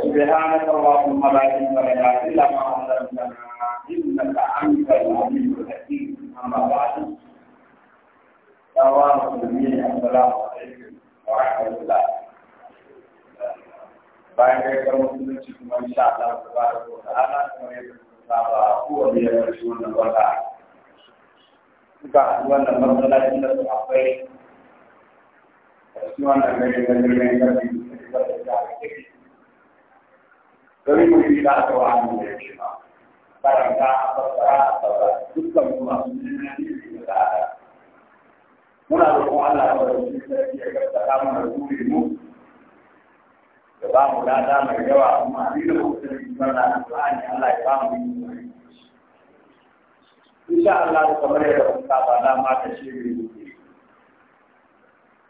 سبحانك اللهم لا علم لنا الا ما علمتنا انك انت العليم الحكيم اما بعد دعوانا المسلمين السلام عليكم ورحمه الله bayan kai ga musulunci kuma insha Allah tabaraka wa ta'ala kuma yadda kuka saba ko da ya karshe wannan wata ga wannan masallacin da su akwai a cikin wannan jirgin domin mutum da aka wa hannu da yake ba karanta fassara fassara dukkan kuma sun yi ne da al'ada muna roƙon Allah ya bada shi sarki ya gaskata mana ruhi mu da ba mu lada mai yawa amma ni da da na Qur'ani Allah ya ba mu Allah kuka mata shi ne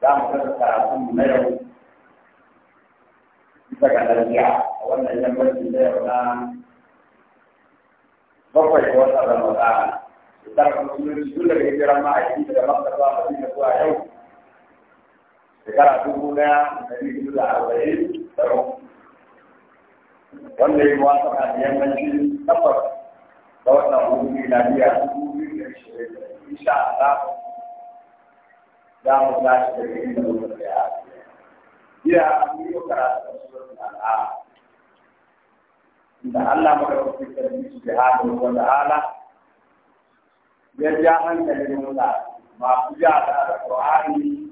za mu kasa karatun na yau daga lafiya a wannan yammacin da yau na bakwai da wata ramadana shekarar musulunci tun daga hijiran ma'aiki daga maktaba a madina zuwa yau shekara dubu daya da biyu da arba'in da wanda ya wasa a yammacin takwas da wannan hukumi na biya dubu biyu da ishirin insha Allah za mu tashi daga inda muka tsaya ya yi karatu suratul al'am da Allah madaukakin sarki subhanahu wa ta'ala ya ja hankalin mutane masu ja da alƙur'ani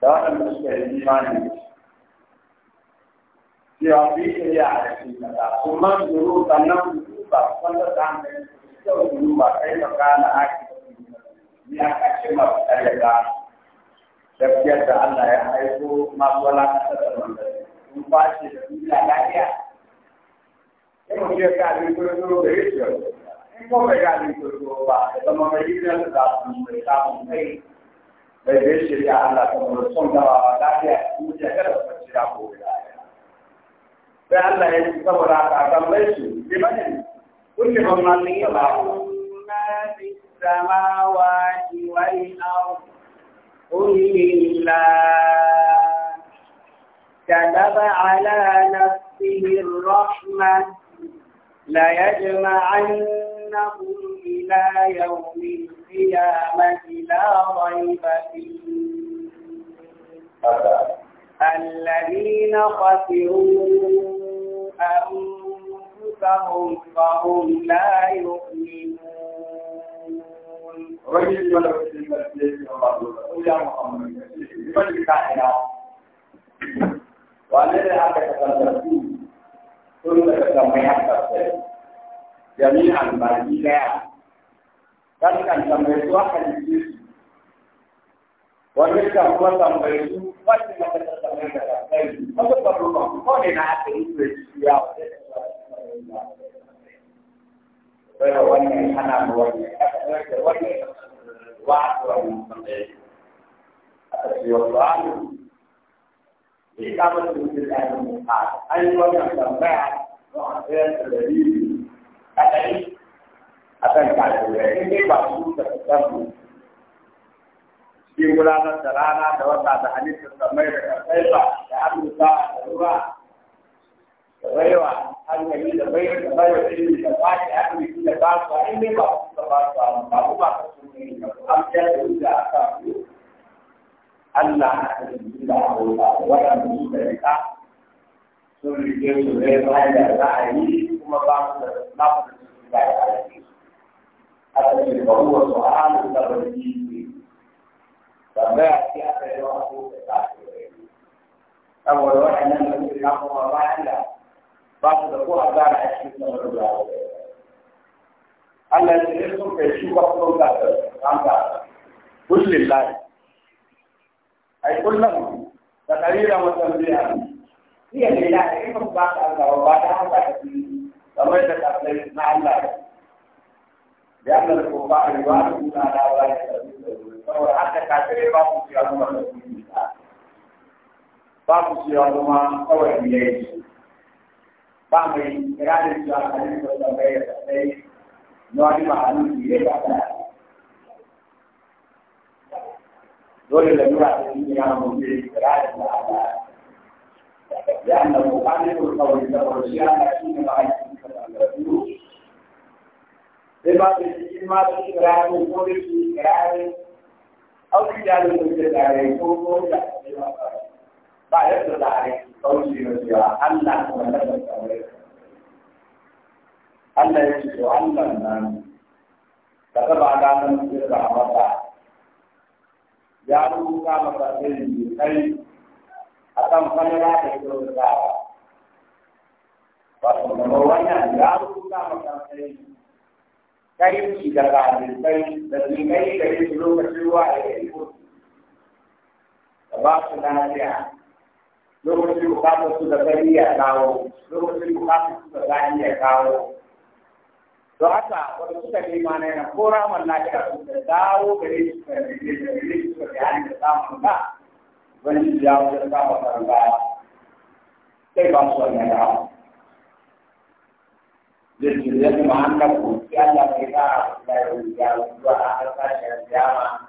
da waɗanda suka yi imani cewa su yi shari'a da shi kaza su Kuma zuru sannan su ba wanda ta hankali su duba kai makana ake ya kashe masu ƙarya gaskiyar da Allah ya haiko masu walakanta da wanda da ya ga abin kurkuru da ya ce in ko bai ga abin kurkuru ba da zama mai gidan da za su mai samun kai bai bai shirya Allah ta mura son gawa lafiya duniya ya ci saboda ka tambaye su limanin kulle mamman ne ya ba. Ma fi samawati wal قل الله كتب على نفسه الرحمة ليجمعنكم إلى يوم القيامة لا ريب فيه الذين خسروا أنفسهم فهم لا يؤمنون wani mana wajen gaske ya ce ko ya wani ya ce ki bari ka wane ne aka kasance su sun daga tambayi haka sai jami'an baki daya kan kan tambayi su haka ne su wani kan kuma tambayi su wani mata ta tambayi da kai wani babu ba ko ne na aka yi su ya wani ya wajen Pero wannan hana mu wani aka wa wannan tambaye. Aka ce wa ba'alu, bai kama da mutum da mu ha, an yi wannan tambaya don a tsayar da dalili a ɗari a kan kajirai, in ba su Shi gudanar da rana da wata da da ƙarfai ba da da ruwa baiwa hankali da bai da bai da ilimi da ba shi aka mai da ba su in dai ba su da ba su ba ku ba ka su ne an ta da da aka ku Allah ya yi da Allah wanda su da rika sun rike su ne da za a yi kuma ba su da ba su da su da ya yi aka ce ba ruwa su da ba ji ne tambaya ce aka yi wa su da ta ce saboda waɗannan da su da kuma bayan da ba su da ko azara a cikin lamarin da Allah ya ce sun kai shi ba kuma ga ranka kullin lahi ai kullum da karira mutum zai hannu iya ne ya ce ba ba ta azara ba ta haka ta ci kamar da ta tsaye na Allah da Allah da ko ba a ba a cikin ala ba ya saboda haka kafirai ba su ciya kuma da su ba su ciya kuma kawai biyayya ba mai kira da cewa a nan da wata bai da sai na wani ma'anin da ya ba dole da nura ta yi ya mutu kira da ta لأنه مخالف القول والشيعة شيء ما لما ما تشتراه وقول في كلامه أو في جانب المسجد عليه وقول لا بعد ذلك kauce wa cewa Allah kuma na da Allah ya ce wa Allah na ka taba ganin sirra a masa ya rubuta masa sai ne kai a kan fanira da ke Ba su daga wannan ya rubuta masa sai karimci da ƙarfisai da zinai da yake lokacin ruwa da ya yi ba su lafiya lokacin bukatar su da gari ya kawo lokacin bukatar su da gani ya kawo don haka wanda suka nema na yana kora ramar lafiya su da dawo gare su da gare su da gare da samun ba wani ya wajen kama karanta sai ba su wannan yawa jirgin ya zama an kafa sai Allah bai kara da ya zuwa a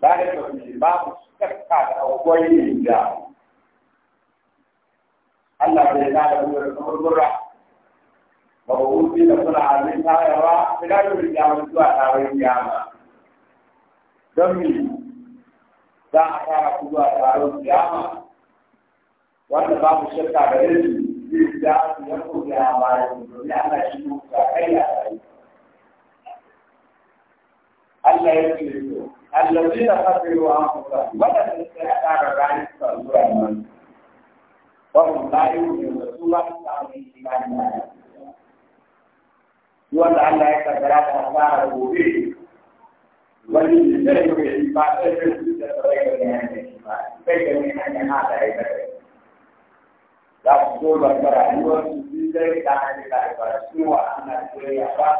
ba da babu kakka da akwai yin Allah bai da da wurin gurgurra ba ba wuce da suna azin tayarwa sai da wurin ya mutu a tarin kiyama don mi za a fara kuwa tarin kiyama wanda babu shakka da yin zai da su ya kuma ya bayan domin ana shi mutu a kai a kai Allah ya ce to allazina kafiru anfusahum wadanda suka tsara a zuwa وهم لا يؤمنون رسول الله صلى الله عليه وسلم wanda Allah ya kaddara ta fara gobe wani ne zai yi ba sai da su da tsare da ne ba sai da ne an da ya kare za ku so da fara ruwa su zai ta hanyar da fara su wa Allah ya ba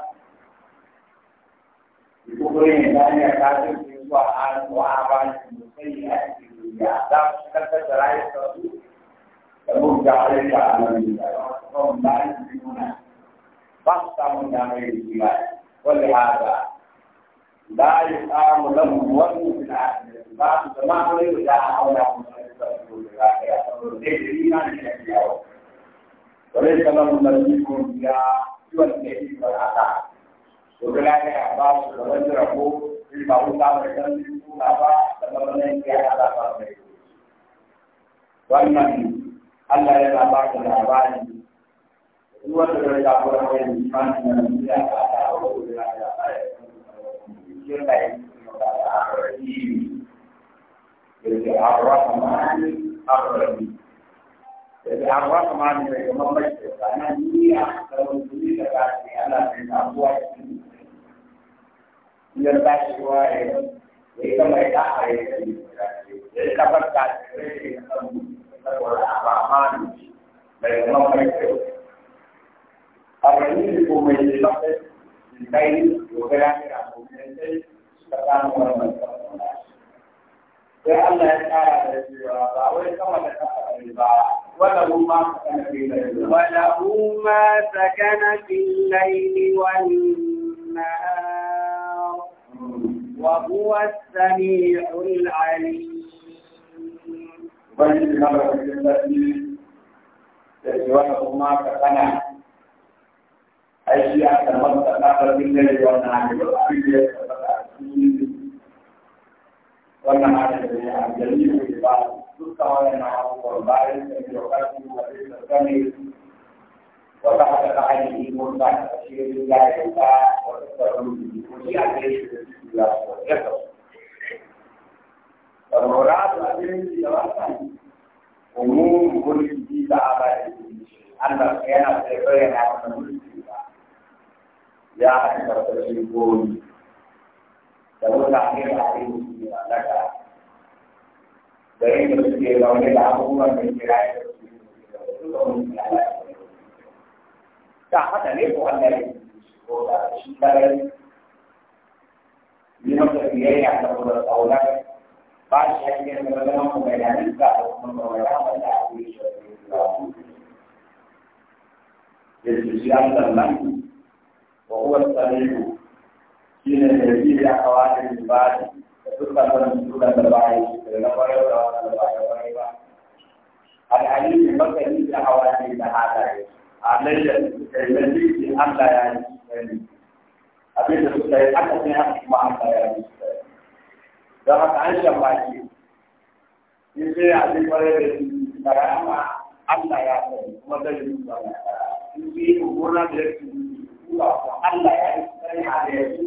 ko ko ne da ne ka ce su wa an wa ba su sai ya ci ya ta ka tsara ya su ba a Wannan Allah yana ba ka labari ruwan da zai zafi da mai imani na duniya ta ta hau da ya ta shirka ya da arrahimi yake arrahmani arrahimi yake arrahmani mai kamar mai shirka na duniya da musulmi da ta ce ana mai sabuwa shi ya ta shi wa ya yi kama ya ta a ya yi ya yi kamar ta ce ya yi kamar saboda amani daga nan mai kyau a rayu ko mai lafiya kai dogara ne a domin sai suka samu wannan sai Allah ya kara da cewa ba wai sama da kasa ne ba وله ما سكن في الليل وله ما سكن في الليل والنهار وهو السميع العليم ubangiji na barbarin zafi da cewa kuma ka aiki a da ɗabarfin da yi wannan hanyar abin da ya a cikin wannan hanyar da ya amfani da ba dukkan wannan abubuwan bayan da ya karɓi da ya karɓi wata haka ta hanyar yi mun ba a ya yi ta wata tsarki ko shi a ya shi da ya karɓi المراد بالجواب عموم كل شيء تعالى أن كان سيبين عن كل شيء يا أنت تشركون لو تعمل عليهم لك فإن السيرة للعموم من كراية تعالى ليه وأنا ليه لمن تبيعي عن أولاد पाठशाला के प्रबंधन को वैज्ञानिक का उपक्रम बनवाया और आदमी الإسلام تمام وهو الصحيح حين يزيد أخوات البعض تدخل من دون البعض الحديث المكي في أخوات البعض علي الذي في أملا يعني أبي الحسين أكثر من أكثر ما أملا يعني don haka an shan baki in sai a zai kwarai da shi tare amma Allah ya sani kuma zai yi ba in sai yi gona da ya ci kuma Allah ya yi sani a da ya ci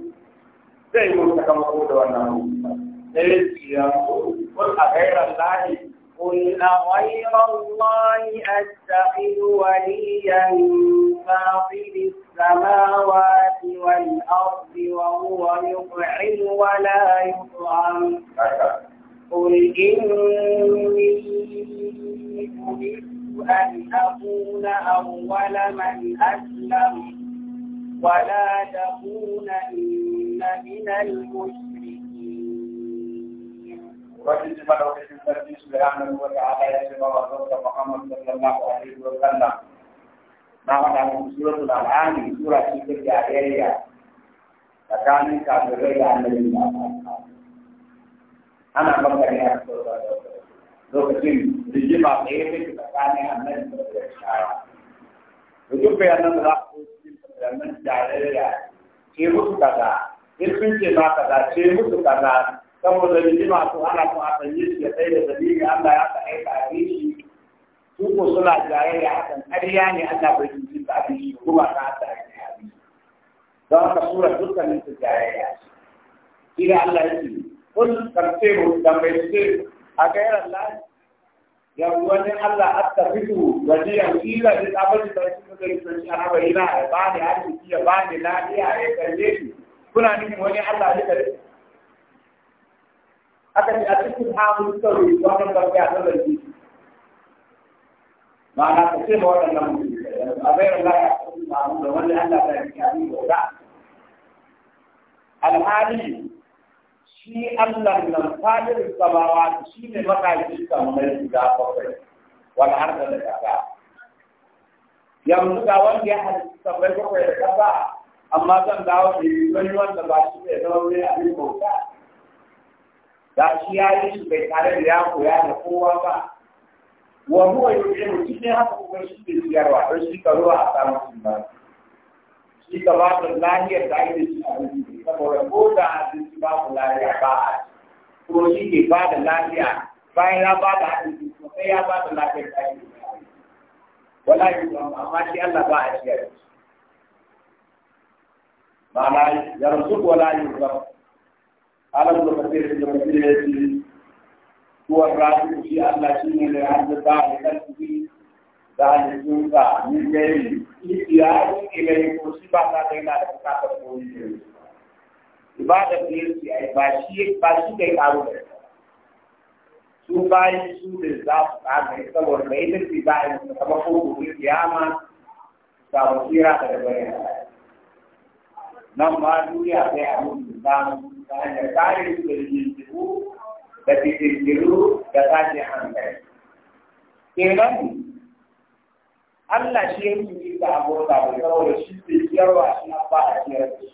zai yi wata kama ko da wannan rubuta sai ya ci ya ko a lahi قل أغير الله أتخذ وليا فاطر السماوات والأرض وهو يطعم ولا يطعم قل إني أن أكون أول من أسلم ولا تكونن من المشركين وجزم له في الترجيح سبحانه وتعالى يسمى وزوجة محمد صلى الله عليه وسلم نعم عن سورة الأنعام سورة سورة الجاهلية فكان كافرين عن النبي أنا بكر يا lokacin rigima ɗaya take tsakanin annabi da shara da duk bayanan da za ku cikin tsakanin jarirai ke musu kaza in sun ce ma kaza ce musu kaza saboda rigima to ana kun a sanye shi da sai da dalili Allah ya sa aika a rishi su ko suna jayayya hakan ƙarya ne Allah bai jinjin da abin shi kuma ta hasa aika a rishi don haka sura dukkanin su jayayya shi da Allah ya ce kun karfe mu da mai ce a kairar Allah ya wani Allah hatta fito wajiyan kila da tsabarin da shi suka yi sun shi ana bayyana ya ba ni arziki ya ba ni lafiya ya kalle shi kuna nufin wani Allah ya kalle aka ce a cikin hannun sauri wannan barka ta zargi ma'ana ka ce ma waɗannan mutum a bayar da ya kasu mamu da wani Allah ta yi kyani gauda alhali shi Allah nan fadin samawa shi ne makaji kamar guda bakwai wani har da kaka yanzu ga wanda ya halitta kamar bakwai da kasa amma zan dawo da yi wani wanda ba shi ne zama wani abin bauta ga shi ya yi su bai tare da ya koya da kowa ba wa huwa yuqimu cikin haka kuma shi ke ziyarwa don shi ka ruwa a samun sun ba shi ka ba da lahiyar da ake shi a rubuce saboda ko da abinci ba ku lahiya ba a ko shi ke ba da lahiya bayan ya ba da abinci sai ya ba da lahiyar da ake wala yi amma shi Allah ba a ciyar ma'ana yarzuku wala ba. da ابن كثير ابن كثير يجي هو الراشد في الله شيء من عند الله كثير da jikin ka ni gari ya yi ilai ko shi ba ta da yana da bukatar koyi ne ibadar da yake ai ba shi ba shi kai karo da su bayi su da za su kaga saboda bai da shi ba in kama ko ko kiyama da wasira da bayan nan ma duniya sai a mutu da mu da tsarin kirkiru da kirkiru da tashin hankali kenan Allah shi ya yi da abota da saboda shi ke kiyarwa shi na ba a kiyar da shi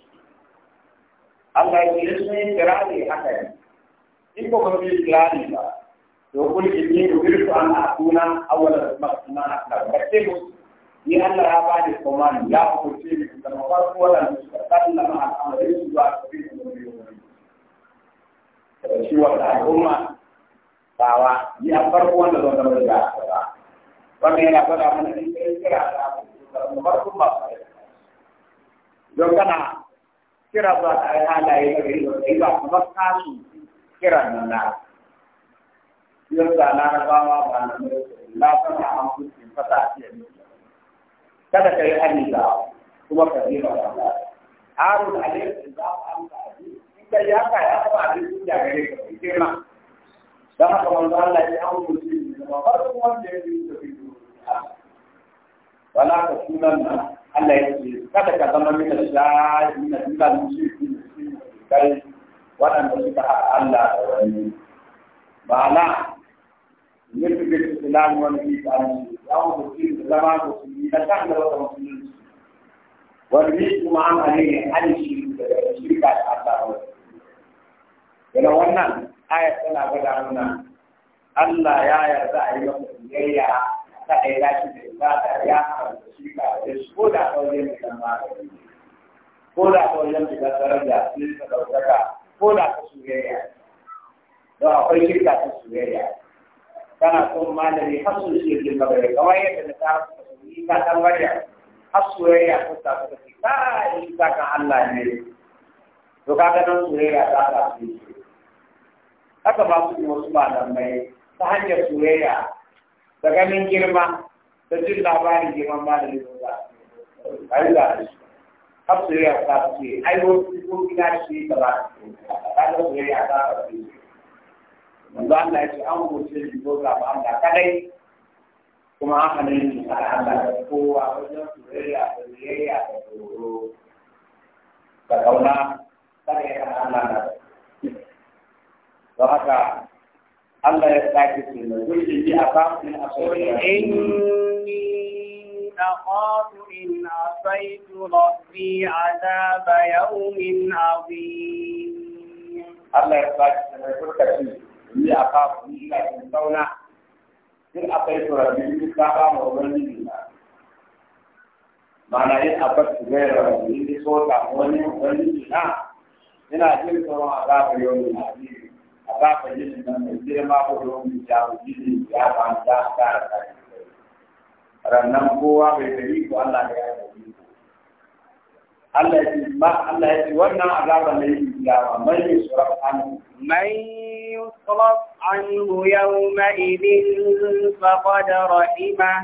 Allah ya yi sun yi ne haka ne in ba kuma yi kira ba to kun ji ne da wuri an a tuna awala makasima na kula ba ce mu ni Allah ya ba ni komani ya hukunce ni da mafarko wannan da sallama al'amarin zuwa a cikin da shi wata al'umma bawa ya farko wanda zan zama da ba wannan yana faɗa mana in kai kira da farkon ba don kana kira ba a yi halaye da gari ba kuma kasu kira nan na yadda larabawa ba na lafan da an kusurin fata a kada ka yi hannu da kuma ka zira da za a sai ya ka ya ba da shi da gare ka kike ma dan haka manzo Allah ya hawo mutum da farkon wanda ya da shi wala ka sunan na Allah ya ce kada ka zama min shayi na dukkan mushrikin kai waɗanda suka haɗa Allah da wani ma'ana yadda da islam wani bi ta ya mutum da zama na wani kuma an ne da da Daga wannan ayat tana gwada nuna Allah ya yarda a yi masa biyayya ta ɗaya lashi da ibada ya haramta shi ka da shi ko da ƙauyen da kan magani ko da ƙauyen da kan da sun ka ɗaukaka ko da ka soyayya don akwai shirka ta soyayya kana son malami har su shi yake magana kawai yadda na ta yi ka san bariya har soyayya ko ta ta ce kai ta kan Allah ne to kaga nan soyayya ta ta su haka ba su wasu malamai ta hanyar soyayya da ganin girma da jin labarin girman malamin ba a yi da shi har soyayya ta ce ai wasu ko gida shi ta ba ta ga soyayya ta ba su wanda Allah ya ce an goce shi ko ga ba Allah kadai kuma an hana yin da Allah da kowa wajen soyayya da soyayya da tsoro da kauna kada ya kana Allah da don haka Allah ya sake ce na zulli bi akamin asawira inni أخاف إن عصيت ربي عذاب يوم عظيم Allah ya ba shi mai furta shi ni a kafa ni ina cikin sauna in akai turabi ni ka ba mu ubangiji na mana abar su gai rabu ni so ta wani ubangiji ina jin ba ka yi nan mai girma ko don mu ja ku ji ya ba da ka ka ranan kowa bai dari ko Allah ya yi Allah ya ce ma Allah ya ce wannan azaba ne ya ba mai suraf an mai يصرف عنه يومئذ فقد رحمه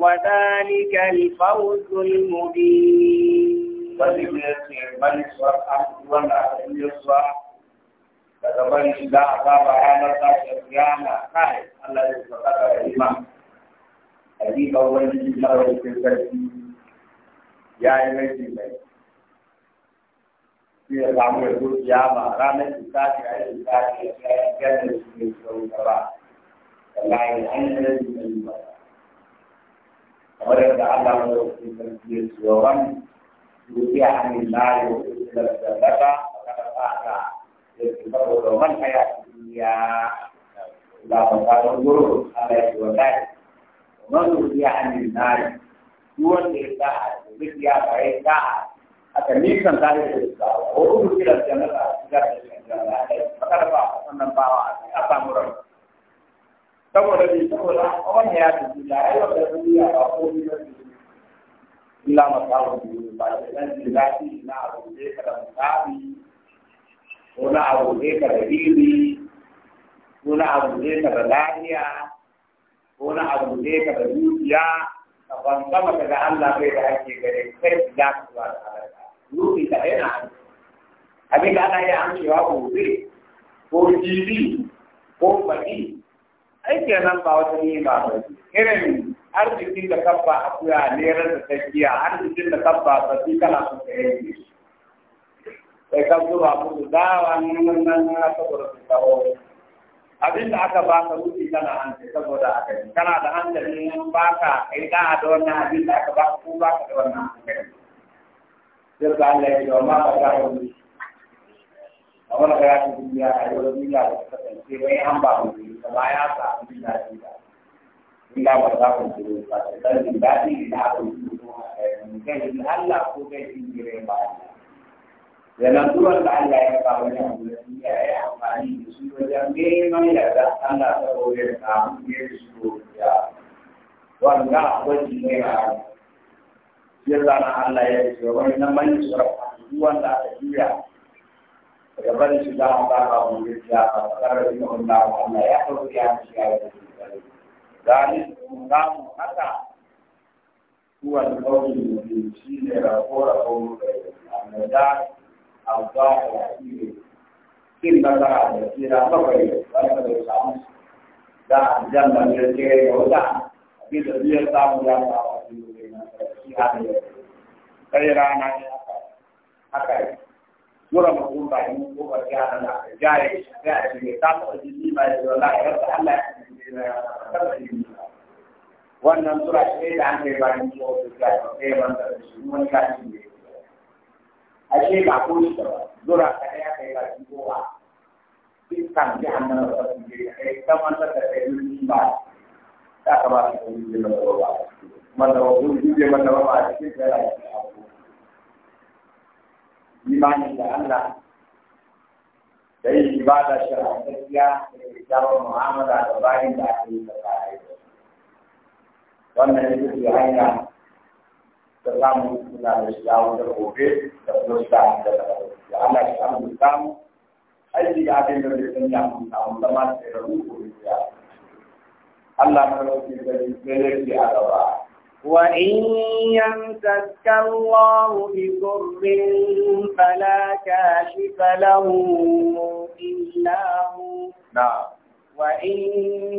وذلك الفوز daga bari za a saba ranar tashin kiyama kai Allah ya saka ka rima hakika wani maraukin sarki ya yi mai mai shi ya samu ya zo kiyama ranar lissafi a yi lissafi ya yi ganin su ne sau gaba wallahi an yi mai mai ba kamar yadda Allah ya yi sarki ya ce wa wani yuki a hannun layo da sadaka a kada fata saboda man haya ya ga bukatun guru Allah ya ciwa kai man rufiya yi nari duk wanda ya sa a duk ya bare sa aka nisan ta da sa ko duk kira jannata ga jannata fakar ba sannan ba a samu ran saboda bi saboda on ya ci da ai wanda duniya ba ko ni ba illa masawu ba da nan na wani abu ne ka da bibi wani abu ne ka da lafiya wani abu ne ka da dukiya ka ban sama ka da Allah bai da ake gare kai da ka zuwa da halaka ruhi ka yana abin da ana yi amcewa gobe ko jibi ko baki aiki a nan ba wata nima ba irin arzikin da kabba akuya ne rasa tsakiya arzikin da kabba ba su kana sun ka yanke kaburu abu dawa nan nan na saboda su kawo abin da aka ba ka rufi kana hankali saboda aka yi kana da hankali in ba ka kai da da wannan abin da aka ba ka ko ba ka da wannan hankali sai ka Allah ya yi amma ba ka rufi a wani ga ta duniya a yau duniya da ta kasance wai an ba mu yi kama ya sa abin da shi da illa ba za ku ji ba ta dalilin daɗi da aka yi ko ga Allah ko ga shi ne ba da natuwar da Allah ya kawo ne a wurin ya yi amfani da su wajen neman yarda Allah ne da ya a Allah ya ce wani na mani sarrafa wanda aka juya daga bari shi za a ba ka wani ya Allah ya kawo ya ci ya yi da ni ga mu haka kuwa da kawai ne shi ne أوضاع وأسير كل بطرة بسيرة فقرية وأنا ba ba ya na jaye ya ce ta ta jini ba ya la ya ta Allah ya wannan da an kai bayan ko ta ga kai ban da shi mun ka ashe ba ko shi ba zura ka ya kai ba shi ko ba shi kan ji annan ba su je kai ta wanda ta kai ni ba ta ka ba shi ko ni da ba man da ko ji je man da ba shi ke da imani da Allah da yi ibada shar'iyya da kyakkyawar mu'amala da bayin da ake yi da kai wannan yake hanya da samu suna da shiga wajen gobe da kuma shiga da da Allah ya samu samu ga abin da zai Allah ya rabu da zai وإن يمسك الله بضر فلا كاشف له إلا هو وإن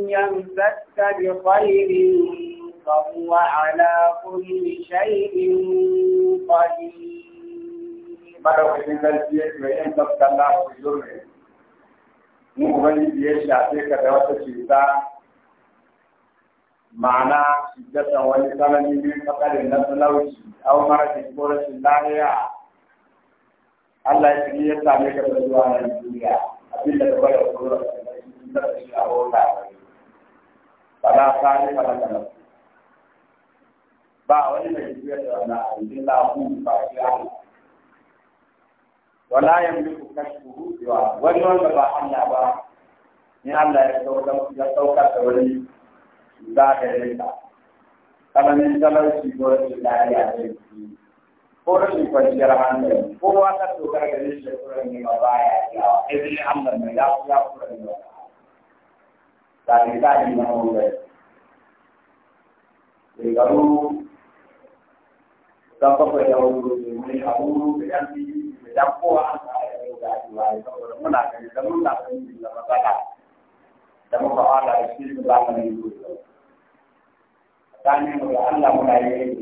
يمسك بخير فهو على كل شيء قدير madaukakin sarki ya ce in tafkan na ku zurne in ubangiji ya shafe ka da wata cuta ma'ana cutar wani tsanani min fakarin na talauci au marashin ko rashin lahiya Allah ya ce ya same ka da zuwa nan duniya abin da gaba da kuma rashin lahiya ko lahiya. Fala sani fala talauci. ba wani mai juyar da wani abin lahu ba shi hannu wala yamliku kashfuhu siwa wani wanda ba Allah ba ni Allah ya saukar ya saukar da wani za ka yi ka kalamin talauci ko rashin lafiya ce ko rashin kwanciyar hankali ko wata dokar da rashin shekuran ne ba baya yawa sai dai Allah mai ya ya kura ne ba ta ne ta ne na wuri shekaru don bakwai da wani da yan biyu da yan kowa an sa ya yau da ake waye da muna gani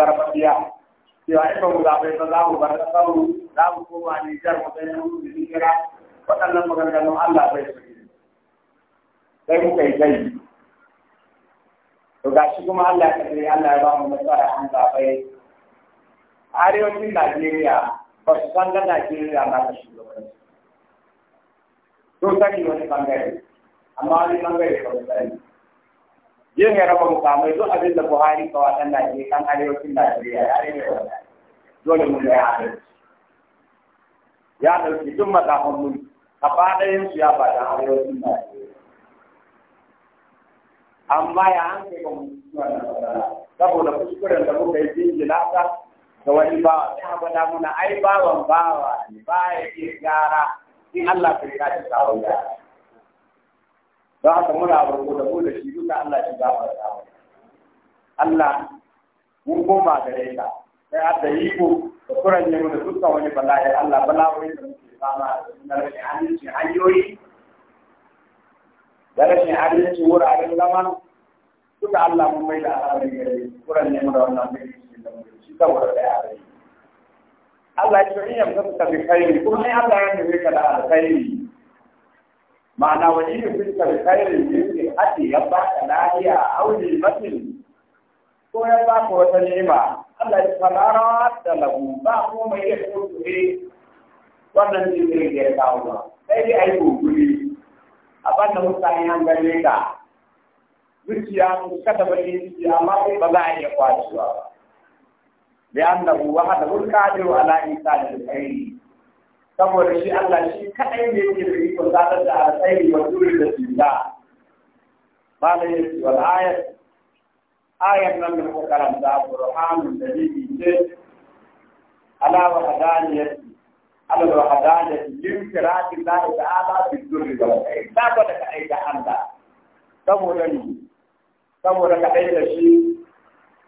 da cewa ba mu zaɓe ba za mu mu Nijar mu sai mu yi kira waɗannan sai yi to kuma ya kare Allah ya ba mu arewacin Najeriya ba san da Najeriya ba ta shugabanci to sani wani bangare amma wani bangare ba sani yin ya raba mukamai duk abin da Buhari ka wasan Najeriya kan arewacin ya rage wannan dole mun ga ya ya dauki duk matakan mulki a fadayin su ya fada arewacin Najeriya amma ya an kai ba mun saboda kuskuren da muka yi jinjina ta wani bawa sai haka da muna ai bawa ne ba in Allah ka riga ta don haka muna barko da ko shi duka Allah shi ba mu da Allah mun koma gare ka sai adda yi ko da kuran ne mu da dukkan wani bala'i Allah bala'o'i da muke fama da rashin aminci hanyoyi da rashin adalci wuraren zaman duka Allah mun mai da al'amari gare kuran ne mu da wannan bai shi da mu shi saboda da yare Allah ya ce in yamsa ka bi khairi kuma ne Allah ya nufi ka da alkhairi ma'ana wani ne fuskar kayan jirgin ake ya ba ka lahiya aure matin ko ya ba ka wata nema Allah ya fara da lagu ba ko mai ya kuma ne wannan jirgin da ya kawo ba sai dai a yi guguri a banda mutane an gane ka zuciya mu kada ba ne zuciya amma sai ba za a iya kwashewa ba. Bayan da buwa da hulka da ala isa da yi. saboda shi Allah shi kaɗai ne yake da ikon zaɓar da alkhairi wa duri da cuta malam ya ce wani ayat ayat nan da muka karanta burhanun dalili ce ala wa hadaniyati ala wa hadaniyati yin kirati Allah ta'ala bi duri da alkhairi da ka da kaɗai da Allah saboda ni saboda kaɗai da shi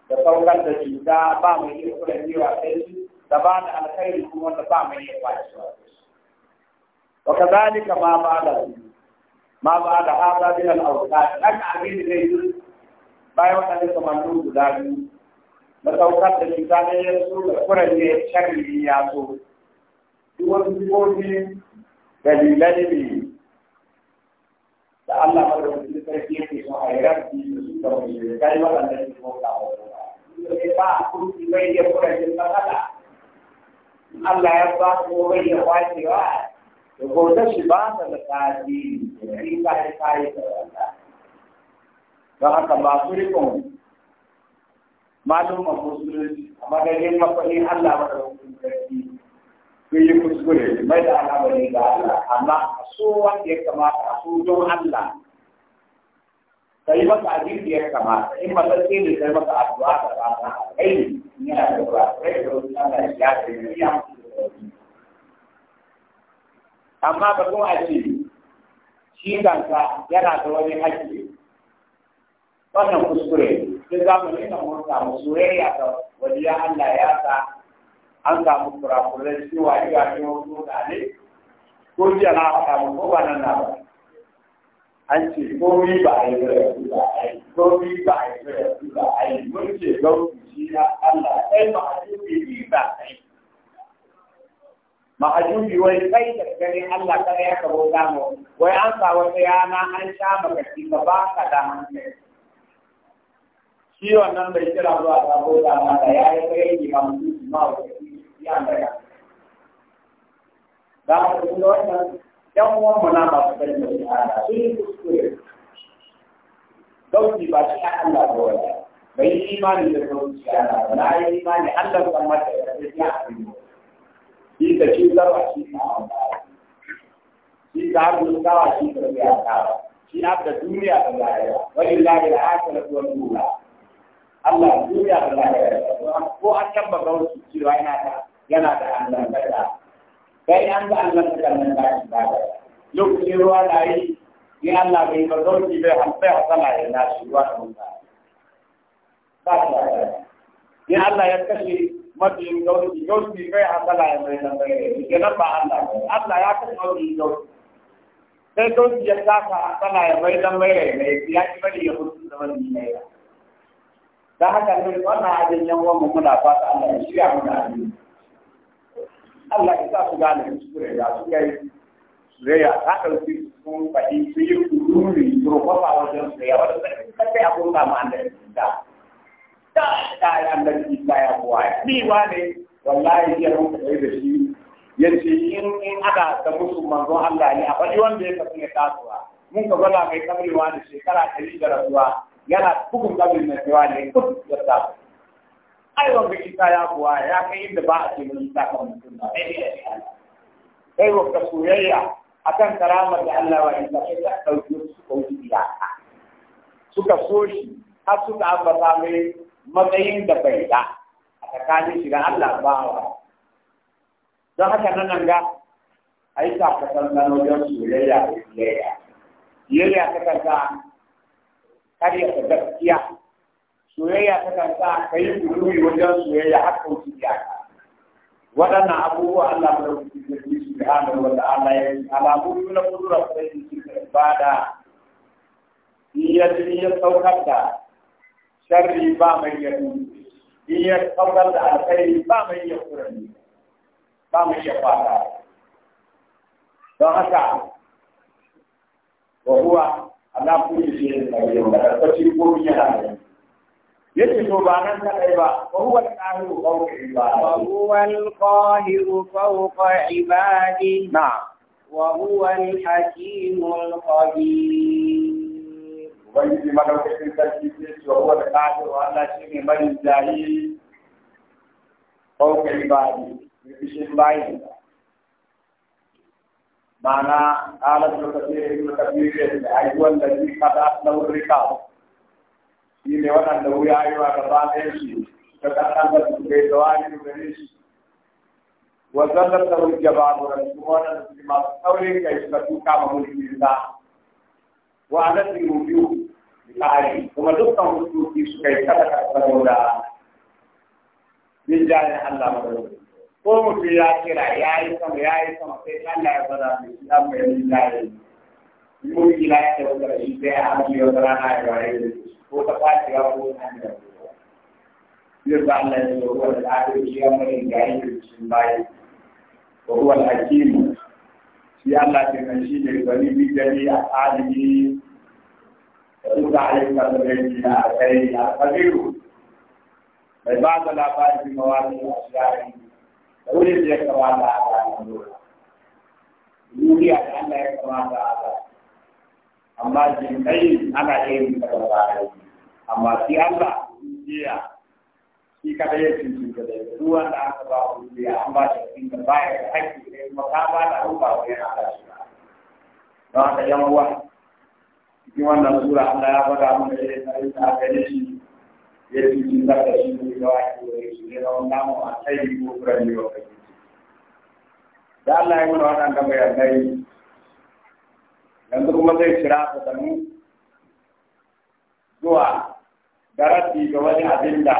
da saukar da cuta ba mu yi kula ne wa kai shi da ba da alkhairi kuma wanda ba mai yin ba shi wa ma ba da ma ba da hada bin al-awqat dan abin da yi bayan wannan kamandu guda biyu na saukar da shi zane ya so da kuranje sharri wani dalilai ne da Allah sarki yake so a yi rafi da su da wani kai waɗanda ke so da wani ba a kurkuri bai iya kuranje kada Allah ya ba ku wai ya wacewa da gobe shi ba ta da tasiri in ka yi kayi da wanda don haka masu rikon malumman musulunci a madadin mafaɗin Allah ba da hukun sarki sun yi kuskure mai da ne ga Allah amma a so wanda ya kamata a so don Allah kai maka abin da ya kamata in ba sai ne kai maka addu'a da fata kai ni na da ba kai da wani Allah ya ce ni ya amma ba a ce shi kanka yana da wani haƙƙi wannan kuskure sai zamani na mun samu soyayya ga Allah ya sa an samu kurakurai cewa iya ne wasu mutane ko jiya na faɗa mu ko nan ba an ce komi ba a yi ba ya ba a yi komi ba a yi ba ya ba a yi mun ce gautu shi na Allah ɗai ba a yi kai da ganin Allah kada ya gano wai an sa wata yana an sha makaci ba ba ka da hankali shi wannan bai kira zuwa da mata ya yi kai yi ma mutum ma wata ya daga. Za a kuma wannan ‘yan uwan mu na masu ganin da shahada sun yi kuskure. Gauti ba shi a Allah ba wani, bai yi imani da gauti shahada ba, na yi imani Allah ba mata da ya a yi. Shi da shi zarwa shi na wanda. Shi da harbin sawa shi da ya kawo. Shi na da duniya da lahira, wani lahira a kan rasuwar duniya. Allah duniya da lahira, ko an yamma gauti cewa yana da Allah da kai an ga Allah ta kan nan ba lokacin ruwa na yi ni Allah bai ka zauki bai hasbai hasala ya na shi ruwa da mun ba ba ni Allah ya kashe mabiyin gauki gauki bai hasala ya mai nan bai ke nan ba Allah Allah ya kashe mabiyin gauki sai gauki ya saka hasala ya mai nan bai ne ya ki bari ya mutu da wani ne da haka ne wannan ajin yan uwan muna fata Allah ya shirya mu da Allah ya sa su gane su kure ya su kai reya ta ɗauki sun faɗi su yi kururi turfafa wajen su ya wata sai a kurka ma da da da da ya da shi da ya kuwa bi wa ne wallahi ya ran kai da shi ya in in aka da musu manzo Allah ne a faɗi wanda ya kasu ya tasowa mun ka gwada mai kamrewa da shekara ɗari da rasuwa yana bugun kabin na cewa ne kut ya tasowa ai wanga kika ya kuwa ya kai inda ba a ce mun isa kan mutum ba kai wanga soyayya akan karama da Allah wa isa sai ta dauki su kauci iyaka suka so shi har suka ambata mai matsayin da bai da a tsakanin shi da Allah ba wa don haka nan ga ai ta kasan nan wajen soyayya da soyayya yayya ta kanta kariya ta gaskiya soyayya ta kan sa ka yi kudubi wajen soyayya har ka wuce iyaka waɗannan abubuwa Allah ta rubuta da su subhanahu wanda Allah ya yi alamu na kudura ta yi cikin ibada in ya saukar da sharri ba mai yadu in saukar da alkhairi ba mai iya kurani ba mai iya fata don haka wa huwa ala kulli shay'in qadir da kace ko yana da يجب أن تقريبا وهو القاهر فوق عباده وهو القاهر فوق عباده نعم وهو الحكيم الخبير ubangiji madaukakin sarki ce ce wa da kafir wa Allah shi ne marin jahi fauka ibadi rikishin bayin ma'ana ƙalar da kafir ibn kafir da ai wanda shi kada laurika shi ne waɗanda wuya yi wa gaba ɗaya shi da kaɗan da su bai tawani da gare shi wa zallar da hujja ba mu ran kuma waɗanda su masu saurin kai suka tuka ma mulki da wa biyu, rubiyu tsari kuma dukkan hukuki su kai kada ka saboda bin jayin Allah madaloli ko mutum ya kira ya yi sama ya yi sama sai Allah ya fara mai shi an mai bin jayin mulki la ya ce shi sai a hajji wata rana ya ware da shi ko ka kwace ya ko ta hanyar ruwa. Yin ba ne ga wanda da yi ya mai da cikin bayi. Wa huwa al-hakim. Shi Allah ke nan shi ne bari bi gari a alihi. Suka ayyuka da gari a kai a kabiru. Mai ba da labarin mawaki a shirarin. Da wuri da ya kamata a ranar ruwa. Duniya ya kamata a ranar. amma jin ana yin daga baya amma shi Allah jiya shi kada ya cinci da duk wanda aka ba ku jiya an ba shi cikin baya da hakki ne makama da ruba ko yana da shi don haka yan uwa cikin wannan sura Allah ya faɗa mana ya tsarin da aka yi shi ya cinci da shi ne da wani wani shi ne da wannan mu a tsayi ko furanni wa kai da Allah ya mana wannan da bayanai yanzu kuma zai kira su sami zuwa darasi ga wani abin da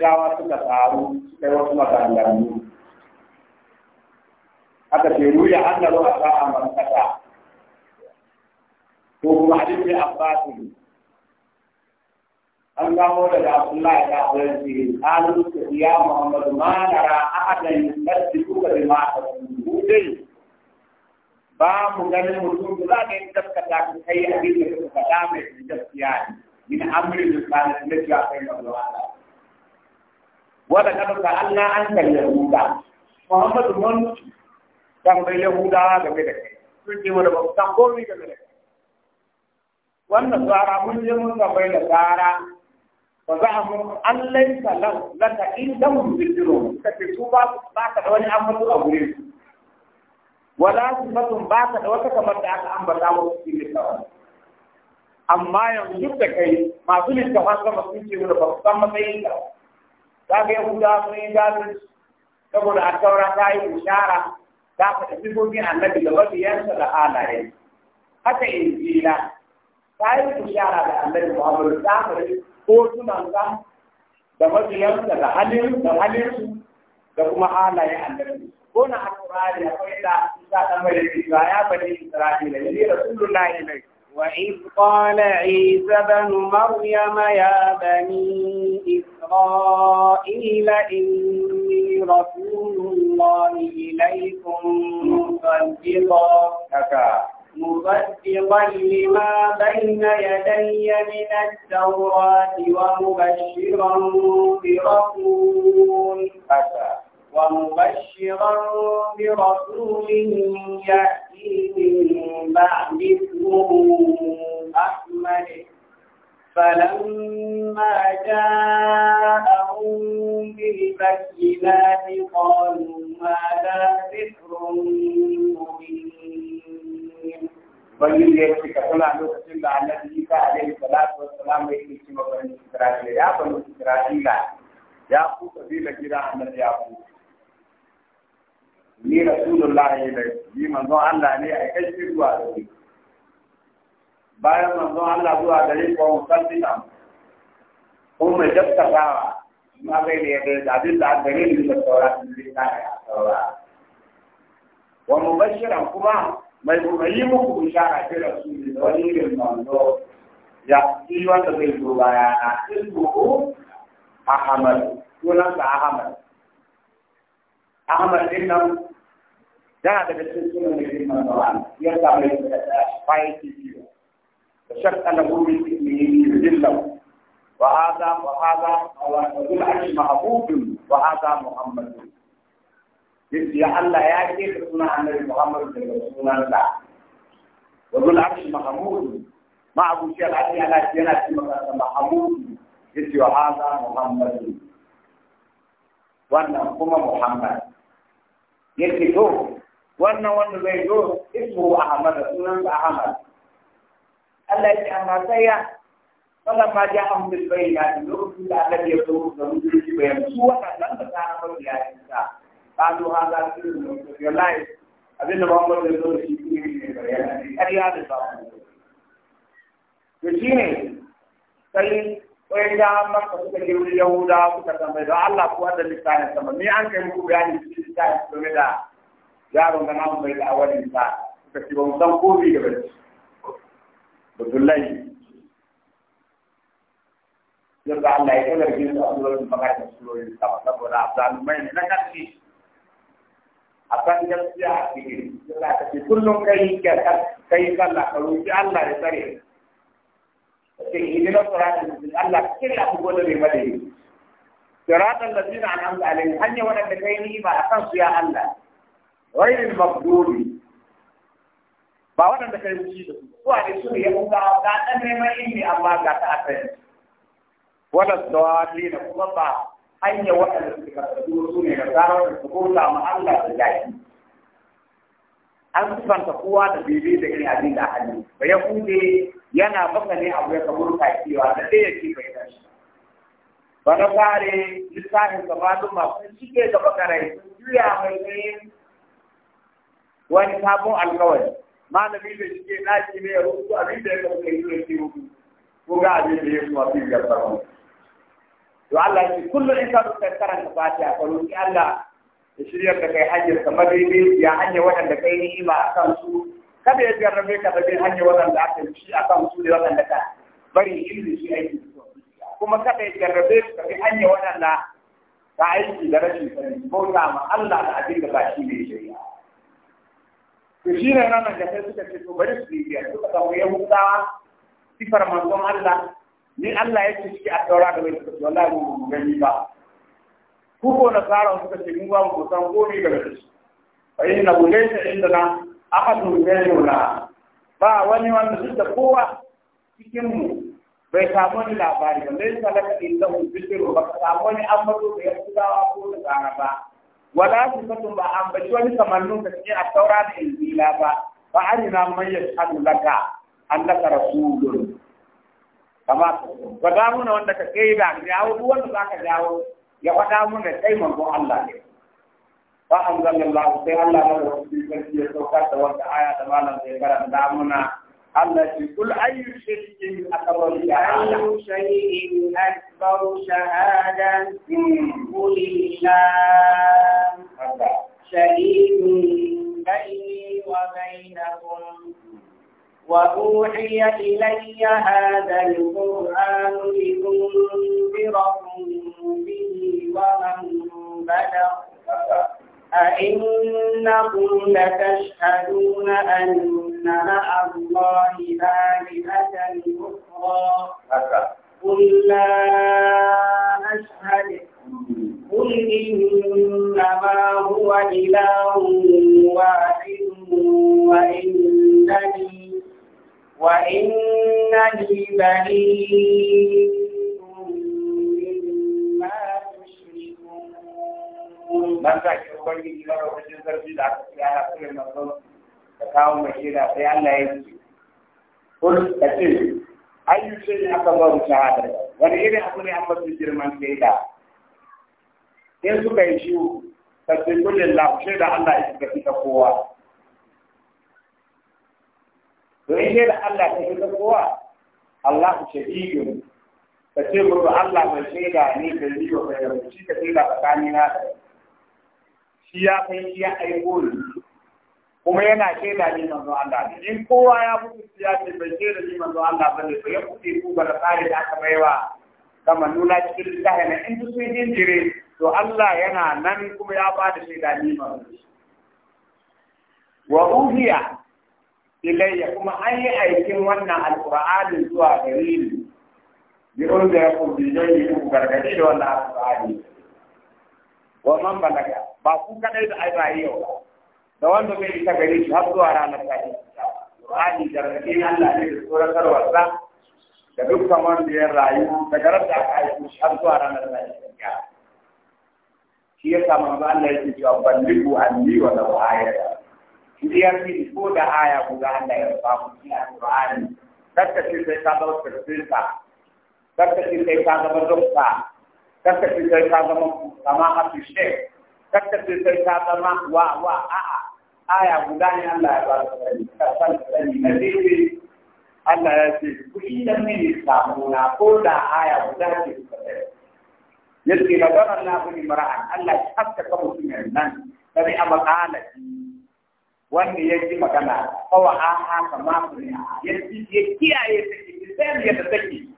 shawa suka taru suka yi wasu maganganu aka ce ruya an da ruwa ta a mankata ko kuma hadin da abbasin an gamo daga abdullahi da abdullahi kalu ya muhammadu ma nara ahadan yasdiqu bima kuma dai ba mu ganin mutum ba za ka yi tabbata ka kai abin da kuka faɗa mai gaskiya ne min amrin da kana da ya kai da Allah wanda kada ka Allah an kalle Yahuda Muhammadu mun tambayi Yahuda game da kai sun ce da ba ku san komai game da kai wannan tsara mun je mun bai da tsara ba za mu an laisa laka in da mu bijiro kace su ba ka da wani amfani a gure su wala sifatun ba ka da wata kamar da aka ambata wa cikin littafin amma yanzu duk da kai masu littafin sama sun ce da ba san matsayin ka za ka yi huda sun yi gano saboda a taura ta yi bishara ta faɗi a annabi da mabiyansa da halaye haka injila ta yi bishara da annabi muhammadu ta faɗi hotunansa da mabiyansa da halin da halinsu da kuma halaye annabi كون أقرار يقول لا بني إسرائيل الذي رسول الله إليه وإذ قال عيسى بن مريم يا بني إسرائيل إني رسول الله إليكم مصدقا مصدقا لما بين يدي من التوراة ومبشرا برسول ومبشرا برسول يأتي من بعد اسمه أحمد فلما جاءهم بالبينات قالوا هذا سحر مبين ومن يمسك كلا لوكسين da annabi Isa alaihi salatu wassalam ya yi cewa bani Isra'ila ya bani Isra'ila ya ku da gida annabi ya ku ni rasulullahi ne ni manzon Allah ne a kai shi zuwa da shi bayan manzon Allah zuwa da shi ko musallika ko mai jaddadawa ma bai ne da abin da an gare ni da saura ni ta ya saura wa mubashiran kuma mai yi muku bishara ce rasuli da wani irin manzo ya shi wanda zai zo baya na ismuhu Ahmad sunansa Ahmad Ahmad din nan yana daga cikin sunan da yake mana Qur'an ya samu da fayti biyu da shakka na gumi ne dillan wa hada wa hada wa kullu ash mahbubun wa hada muhammad yace ya Allah ya ke sunan annabi Muhammad da sunan sa wa kullu ash mahmud ma abu shi al-ali ala yana cikin makarantar mahmud yace wa hada muhammad wannan kuma muhammad yake to wannan wanda zai zo ismu a Ahmad sunan Ahmad Allah ya amma sai ya fala ma ja am bil bayyinat lokacin da Allah ya zo da mutunci bayan su nan da ta fara ya yi ta kalu hada sirrin da ya lai abinda Muhammad ya zo shi ne bayani kariya da ba to shine sai wai da amma ka suka je wuri Yahuda suka tambaye da Allah ko da littafin sama ni an kai muku bayani cikin littafin game da جارون كان عم بيت أول إنسان كتير بمسام كوبي كبير بس الله يرجع الله يقول لك جنس أصله من بقية أصله من سبعة سبعة أبزان ما ينفع نكتي أبزان جنس يا أخي لا تكفي كل يوم كي كذا كي كلا كلو في الله يسري لكن هنا ترى الله كل أبوه اللي مدي ترى الذين عن الله عليهم هني ولا تكيني ما أصله يا الله غير maghdubi ba waɗanda kai wuce da su ko a da su ne ya ga dan neman ilimi amma ga ta asali wala dawali da kuma ba hanya ta ma yaki an kowa da bebe da irin abin da hannu ba ya kuɗe yana baka ne abu ya kaburka cewa da ɗaya ce bai shi ba na fare lissafin gabatun masu shige da bakarai sun juya mai ne wani sabon alkawari malami da shi ke naki ne ya rubuta abin da ya kafa kai da shi rubutu ko ga abin da ya kuma fi gaba to Allah ya kullum in ka rubuta karanta a ko ki Allah ya shiryar da kai hanyar ka madaidai ya hanya waɗanda kai ni'ima a kan su kada ya jarrabe ka da hanya waɗanda aka shi a kan su da waɗanda ka bari ilimi shi aiki kuma kada ya jarrabe ka da hanyar waɗanda ka aiki da rashin sani bauta ma Allah da abin da ba shi ne shari'a to shi ne nan da sai suka ce to bari su biya suka samu yahudawa sifar manzon Allah ni Allah ya ce shi a taura da wani suka ce wallahi mu gani ba ku ko na tsara suka ce mu ba mu san komai daga shi fa inna bulaysa indana ahadun ghayruna ba wani wanda shi da kowa cikin mu bai samu wani labari ba zai salaka inda mu fitir ba samu wani ambato da ya ko da tsara ba wala sifatun ba an baci wani kamannin ka ke a taura da injila ba ba na arina man yashhadu laka annaka rasulun kama ba ga muna wanda ka kaida da yawo duk wanda zaka jawo ya faɗa muna kai manzon Allah ne fa anzalallahu sai Allah ya rubuta sarki ya saukar da wanda aya da malam da ya karanta muna Allah ce kul ayyu shay'in akbar shahada ayyu shay'in akbar shahada qul Allah shahidun bayni wa bainakum وأوحي إلي هذا القرآن لتنذركم به ومن بلغ أئنكم لتشهدون أن مع الله آلهة أخرى قل لا أشهد قل إنما هو إله واحد وإنني وإنني بريء ban ka shi ubangiji na lokacin sarki da aka tsaya na kare manzo ka kawo mai shaida sai Allah ya yi. kul ta ce ayyu ya aka bar shahada wani irin abu ne aka fi girman da? in suka yi shi ta ce kullin la shaida Allah ya shiga fita kowa to in da Allah ta fita kowa Allah shahidun ka ce mutu Allah mai shaida ne da yi wa bayan shi ka shaida tsakanina da shi ya kai iya aiko ne kuma yana shaida ni manzo Allah in kowa ya shi ya ce bai shaida ni manzo Allah bane ba ya buɗe ku ga tsari da aka baiwa kama nuna cikin littafi na in duk yi jire to Allah yana nan kuma ya ba da da ni manzo wa uhiya ilayya kuma an yi aikin wannan alqur'ani zuwa gare ni bi unzira kum bi jayyi gargadi da wannan alqur'ani wa man balaga ba ku kadai da ai bai yau da wanda bai ta gari shi har zuwa ranar ji Qur'ani da rakin Allah ne da suratar wasa da dukkan wanda ya rayu garar da aka yi shi har zuwa ranar ji shi ya samu manzo Allah yake cewa balligu anni wa law ayata shi ya fi ko da aya ga Allah ya samu ku a Qur'ani shi sai ka dawo dakka shi sai ka zama dokta kakka ce sai ka zama kama hafi shek kakka ce sai ka zama wa wa a'a aya guda ne Allah ya ba su sani karfan sani na daidai Allah ya ce kuɗi da mini na ko da aya guda ce suka tsaye yake magana na bani mara, Allah ya haskaka mutumin nan sai a makalati wanda ya ji magana kawai a haka masu ne ya kiyaye ta ke ta take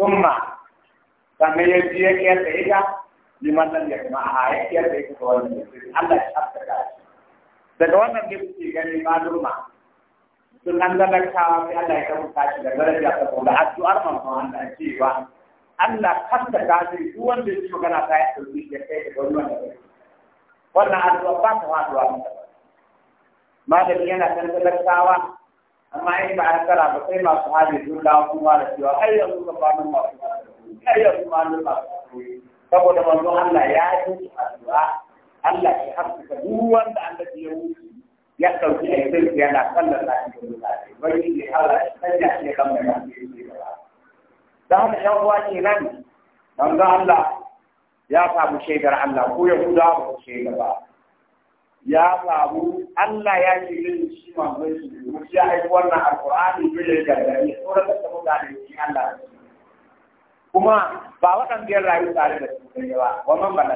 kuma sannan ya biya kiyar da ita liman nan ya kuma a ya kiyar da ita ga Allah ya tsaka shi daga wannan da kuke gani maluma sun an zalakawa sai Allah ya kafa tashi da daraja saboda yi sauki ya kai da wannan wannan addu'a ba ta faduwa malami yana kan talakawa amma in ba an kara ba sai masu hali sun dawo har yanzu karya su ma nufa saboda manzo Allah ya yi addu'a Allah ya haskaka duk wanda Allah ya wuce ya dauki a yanzu yana sallar lafiya da lafiya bai ne Allah ya sanya shi kan mai lafiya da haka yan uwa ke nan manzo Allah ya samu shaidar Allah ko ya huda ba shaida ba ya samu Allah ya ce yin shi manzo shi ya aiki wannan alqur'ani bil gargadi da suratul mutane Allah kuma ba waɗanda ya rayu tare da su ne ba wa man bala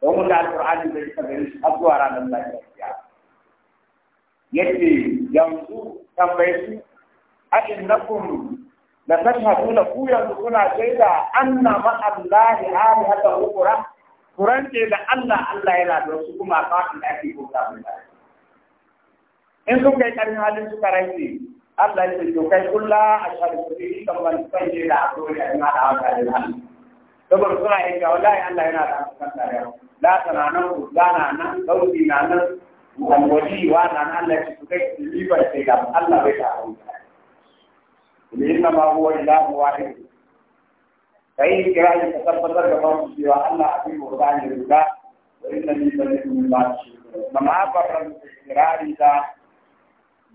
don mu da alqur'ani da shi gari har zuwa ranar lafiya yace yanzu tambaye su a innakum la tashhaduna ku yanzu kuna shaida anna ma allahi alihata ukura kurance da Allah Allah yana da su kuma ba da ake ko ta in sun kai karin halin su karanci Allah ya ce to kai kulla a shahadu kudi kan ban san je da aka wuri ina da haka da Allah saboda suna yin ga wallahi Allah yana da hakan da yau la tananan gana nan sauki na nan wangwaji wa nan Allah ya ce kai libar sai da Allah bai ta hau inna ma huwa ilahu wahid kai kira ya tabbatar da wannan cewa Allah abin mutane guda wa inna li min ba shi mama farran kirari da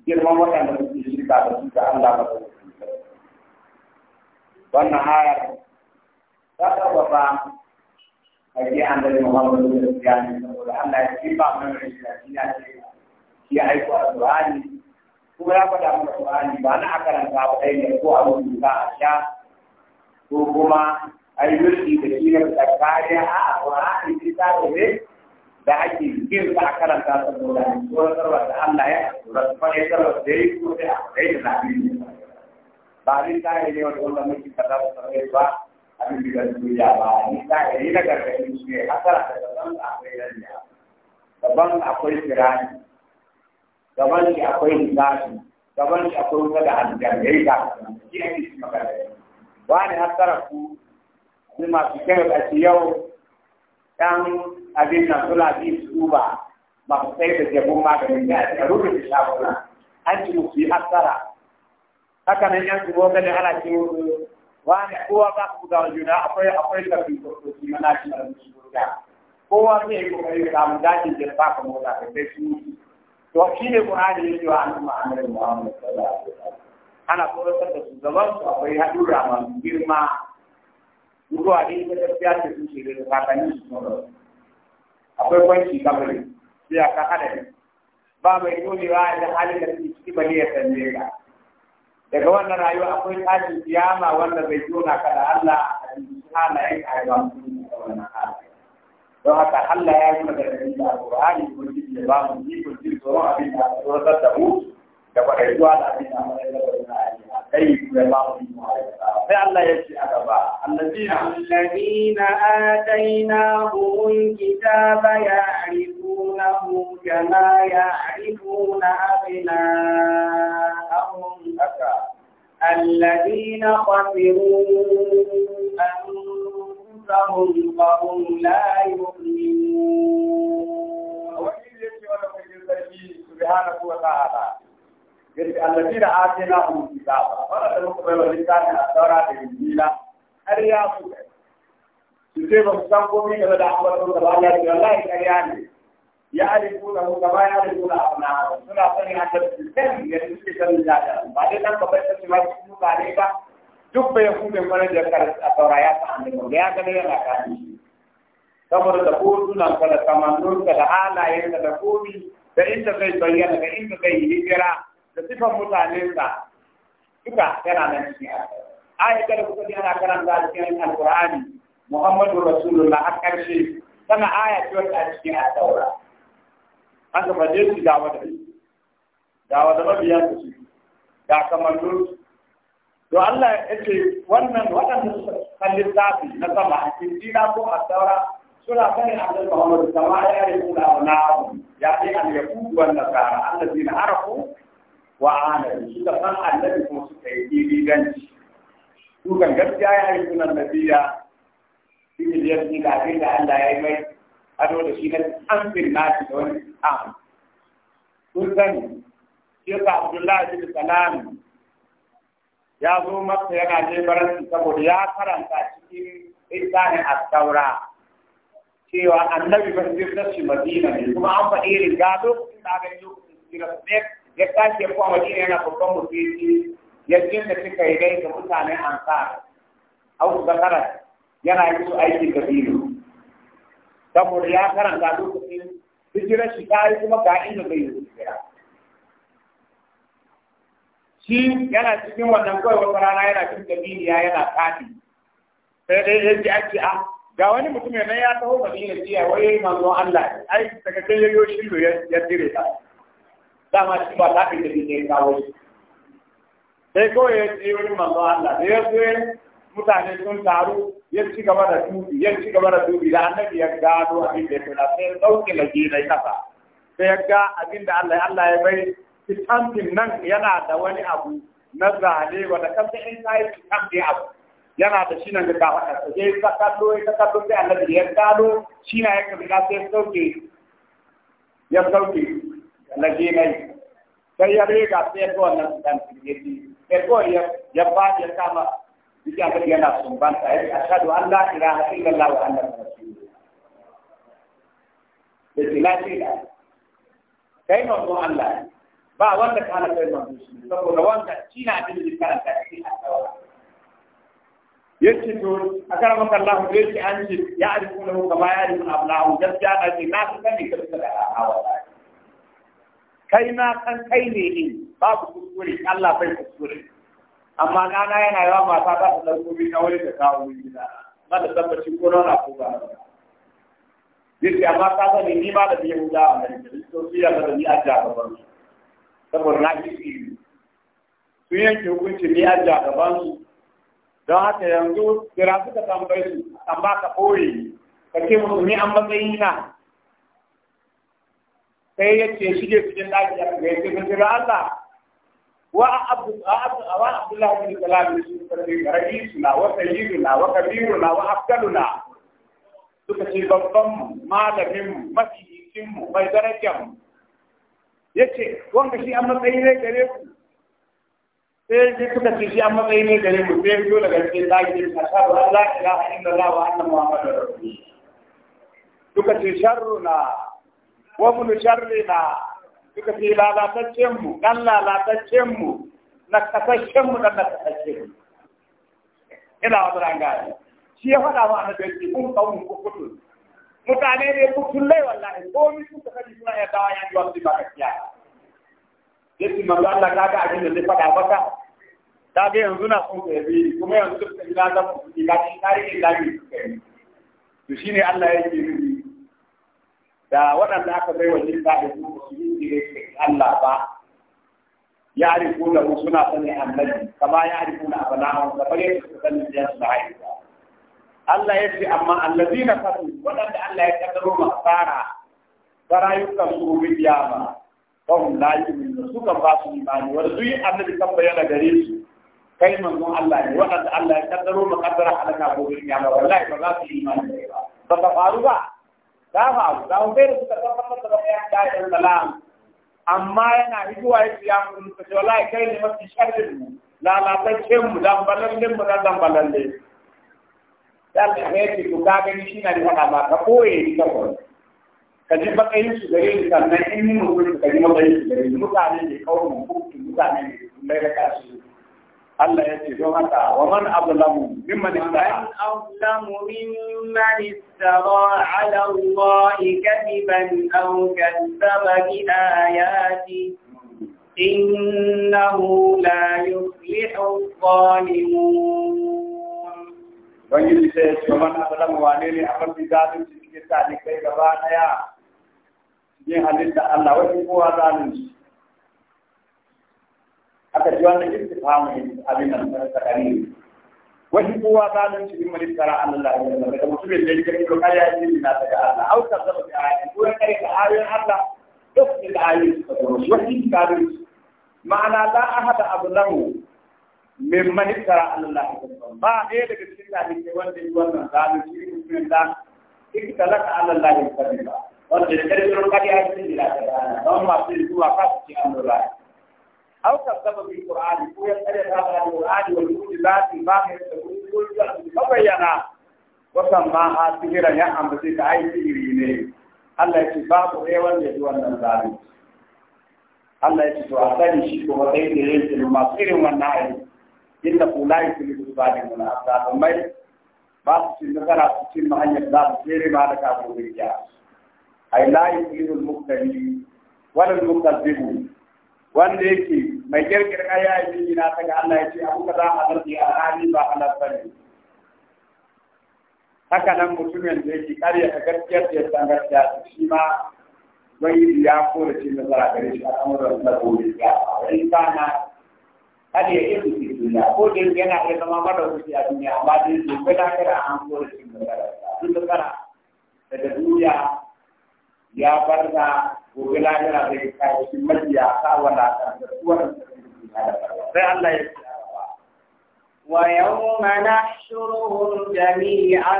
girman wadanda suke shirka da su da Allah ba da su wannan ayar ta tabbata a ke annabi Muhammadu da Siyani ya ce ba mun rashin ya ce shi aiko kuma ya faɗa mana alqur'ani ba na akaranta ba dai ne ko a rubuta a sha ko kuma ayyuki da shi ne da kariya a alqur'ani ta ce da ake yin sa a karanta saboda tsoratarwa da Allah ya tsoratarwa fahimtarwa da ya yi ko da a kai da zafi ne ba ni ta yi ne wani wanda muke kada ba sarai ba a cikin da duniya ba ni ta yi na gargaɗi su ne a hasara da gaban a kai akwai rariya gaban akwai firani gaban shi akwai hisabi gaban shi akwai wuta da aljanna ya yi ta shi ne shi magana wani hasara ku ni masu kyau a yau ɗan abin nan suna bi su ba masu sai da jabun maganin da a rubuta shaguna an ci musu yi hasara haka nan yan zubo gani ana ce wani kowa ba ku guda juna akwai akwai ko kurkuki mana shi na Ko guda kowa zai yi kokari da samun dajin da ba ka mota da sai su to shi ne Qur'ani ya ce wa annabi Muhammad sallallahu alaihi wasallam ana koyar da su zaman su akwai da masu girma a ɗin ta tafiya da kakanni akwai kwanci daga wannan rayuwa akwai wanda bai tona ka Allah a cikin da wannan halayen Allah الذين الذين آتيناهم الكتاب يعرفونه كما يعرفون أبناءهم الذين خسروا أنفسهم فهم لا يؤمنون سبحانه وتعالى yadda allazi da ake na hun kitaba wanda da muka bai wa littafin a saura da injila har ya su su ce ba su san komai game da ambaton da ba Allah da wallahi ƙarya ne ya alifu na hun gaba ya alifu na abu na suna sani a da su kan yadda suke sanin jada ba dai nan ba bai ta ce ma duk da kar a ya da ya yana saboda da da ka komi da inda zai bayyana da inda zai hijira da sifan mutanensa duka yana nan cikin yi kada kuka ji ana karanta cikin alkur'ani muhammadu rasulullah har karshe sana aya ce wata cikin al an ka faje su ga wata ga wata mabiyan su ga kamannu to Allah ya ce wannan waɗanda su kalli zafi na sama a cikin jina ko a saura suna sanin annabi muhammadu sama ya yi kuna wani abu ya ce an yakubu wannan nasara zina arafu wa ana suka san annabi kuma suka yi diliganci su kan gaskiya ya yi sunan nabiya shi ne ya fi da abin da Allah ya yi mai ado da shi na tsamfin nashi da wani tsamu sun sani shekha abdullahi bin salam ya zo masa yana jefaransu saboda ya karanta cikin isanin astaura cewa annabi ban zai shi madina ne kuma an faɗi riga lokacin da aka yi lokacin sirar ya tashi ya kuma madina yana babban musulunci ya da suka yi gai da an sa au zakara yana yi su aiki da biyu saboda ya karanta lokacin hijirar shi ta yi kuma ga inda bai yi hijira shi yana cikin wannan kawai wata rana yana cikin dabiniya yana kati sai dai ya ji ake a ah, ga wani mutum ne ya taho madina jiya wai manzon Allah ai daga kan yayo shi ya dire ta dama shi ba ta ka tafi kawo sai kawai ya je wurin manzo Allah da ya zo mutane sun taru ya ci gaba da dubi ya ci gaba da dubi da annabi ya gado abin da ya tuna sai ya dauke laje na kasa sai ya ga abin da Allah Allah ya bai kitabin nan yana da wani abu na zane wanda kansa in sai kitabin abu yana da shi nan da kafa sai ya kallo ya kallo sai annabi ya gado shi na ya kabi sai sauke ya sauke laginai sai ya riga sai ya ga wannan dan tirmidhi sai ko ya ya ba ya kama yake an riga na sun ban ta ashhadu an la ilaha illallah wa anna rasulullah da tilati da kai ko Allah ba wanda kana kai manzo saboda wanda shi na da karanta cikin Allah yake to a karamar Allah da yake an ce ya arifu lahu kama ya arifu ablahu gaskiya da ke na su sani kirkira a hawa kai na kan kai ne ne babu kuskure Allah bai kuskure amma nana yana yawa mata za ta ɗauko bi na wani da kawo min gida ba da tabbacin ko na ko ba duk da ta ka sani ni ba da biyu da Amerika to su ya da ni a gaban su saboda na ji su sun yanke hukunci ni a gaban su don haka yanzu jira suka tambayi su amma ka ɓoye ka ce musu ni an matsayi na sai ya ce shige cikin daki ya ga yake mun jira Allah wa abdu abdu wa abdullah bin salam shi karbi raisuna wa na, wa na, wa afdaluna suka ce babban malamin mafificin mu mai darajar mu yace wanda shi an matsayi ne gare ku sai sai suka ce shi an matsayi ne gare mu sai yi daga cikin daki a za Allah ilaha illallah wa anna muhammadar rasul suka ce sharruna wa mun sharrina suka ce lalataccen mu dan lalataccen mu na kasashen mu dan na kasashen mu ina wa duran gari shi ya faɗa wa annabi ki kun mun ku kutu mutane ne ku kullai wallahi ko mi su ka ji suna ya dawa ya ji wasu ba gaskiya yace manzo Allah ga abin da zai faɗa maka ga yanzu na kun kai kuma yanzu duk da ina da ku ki ga shi tarihi da ni to shine Allah yake yi. da waɗanda aka bai wa jinta da su su yi direct Allah ba ya riku da suna sani annabi kama ya da na abana'un da bare su sani da su ba. Allah ya ce amma na kafu waɗanda Allah ya kaddaro ma fara barayukan su bi ba mu. layi da suka ba su imani wanda duk annabi kan bayyana gare su kai manzon Allah ne waɗanda Allah ya kaddaro ma kaddara halaka gobe kiyama wallahi ba za su imani ba ba ta faru ba da ma da umbe da suka tabbatar da bayan da salam amma yana hijwa ya ya mun ta kai ne mafi sharrin mu lalataccen mu dan balallin mu dan balalle dan ne ki ku da hada ka koye ka ka ji bakayin su gare ni sannan in mun gurin ka ji Allah ya ce don haka wa man ablamu mimman istara man mimman istara ala Allah kadiban aw bi ayati innahu la yuflihu adh-dhalimun man wane ne gaba daya Allah zalunci aka ji wannan istifhamu abin nan ta kare wani kowa zalun shi bin malik tara Allah ya yarda da mutumin da yake cikin kaya shi na daga Allah au ka zama da ayati ko kare ka ayoyin Allah duk da ayoyin su da shi wani kafir ma'ana la ahada ablahu min malik tara Allah ya yarda ba ɗaya daga cikin tarihi wanda yi wannan zalun shi mutumin da yake talaka Allah ya yarda wanda da kare ka ayoyin Allah ya yarda don ma sai zuwa kasu cikin Allah أو كذب بالقرآن هو يقرأ هذا القرآن والمعجزات ما هي تقول وسماها da يا أم بسيط أي سحري ne Allah ya ce babu ɗaya wanda ya ji wannan zalunci Allah ya ce to a sani shi ko ba sai da yin wannan ayi inda kula yi fili su ba da muna ba su cin nasara su cin za su da yi wanda yake mai kirkir kaya ya yi na ta ga Allah ya ce an kaza halal ne alhali ba a bane haka nan mutumin da yake karya ta gaskiyar da ya san gaskiya shi ma wani ya kora ce nasara gare shi a amuran na gobe ya wani kana kada ya yi su duniya ko da yana iya zama madaukaki a duniya amma dai bai kada kada an kora ce nasara duk da daga duniya ya bar da gobe lahira da ya kai shi majiya ta wala ta wannan sai Allah ya ce ويوم نحشرهم جميعا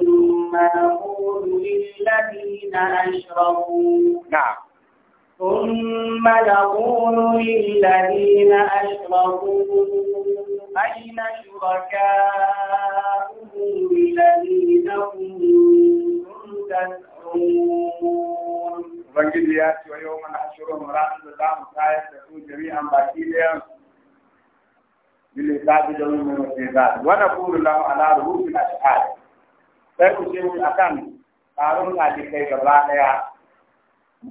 ثم نقول للذين أشركوا نعم ثم نقول للذين أشركوا أين شركاؤهم الذين كنتم تسألون يختصمون ubangiji ya ce wa yau mana ashirin ranar da za mu tayar da su jami'an baki ɗayan bile ta bi da wani mai za wani kuru lahu ala na ashhad sai ku ce mu akan taron kai gaba ɗaya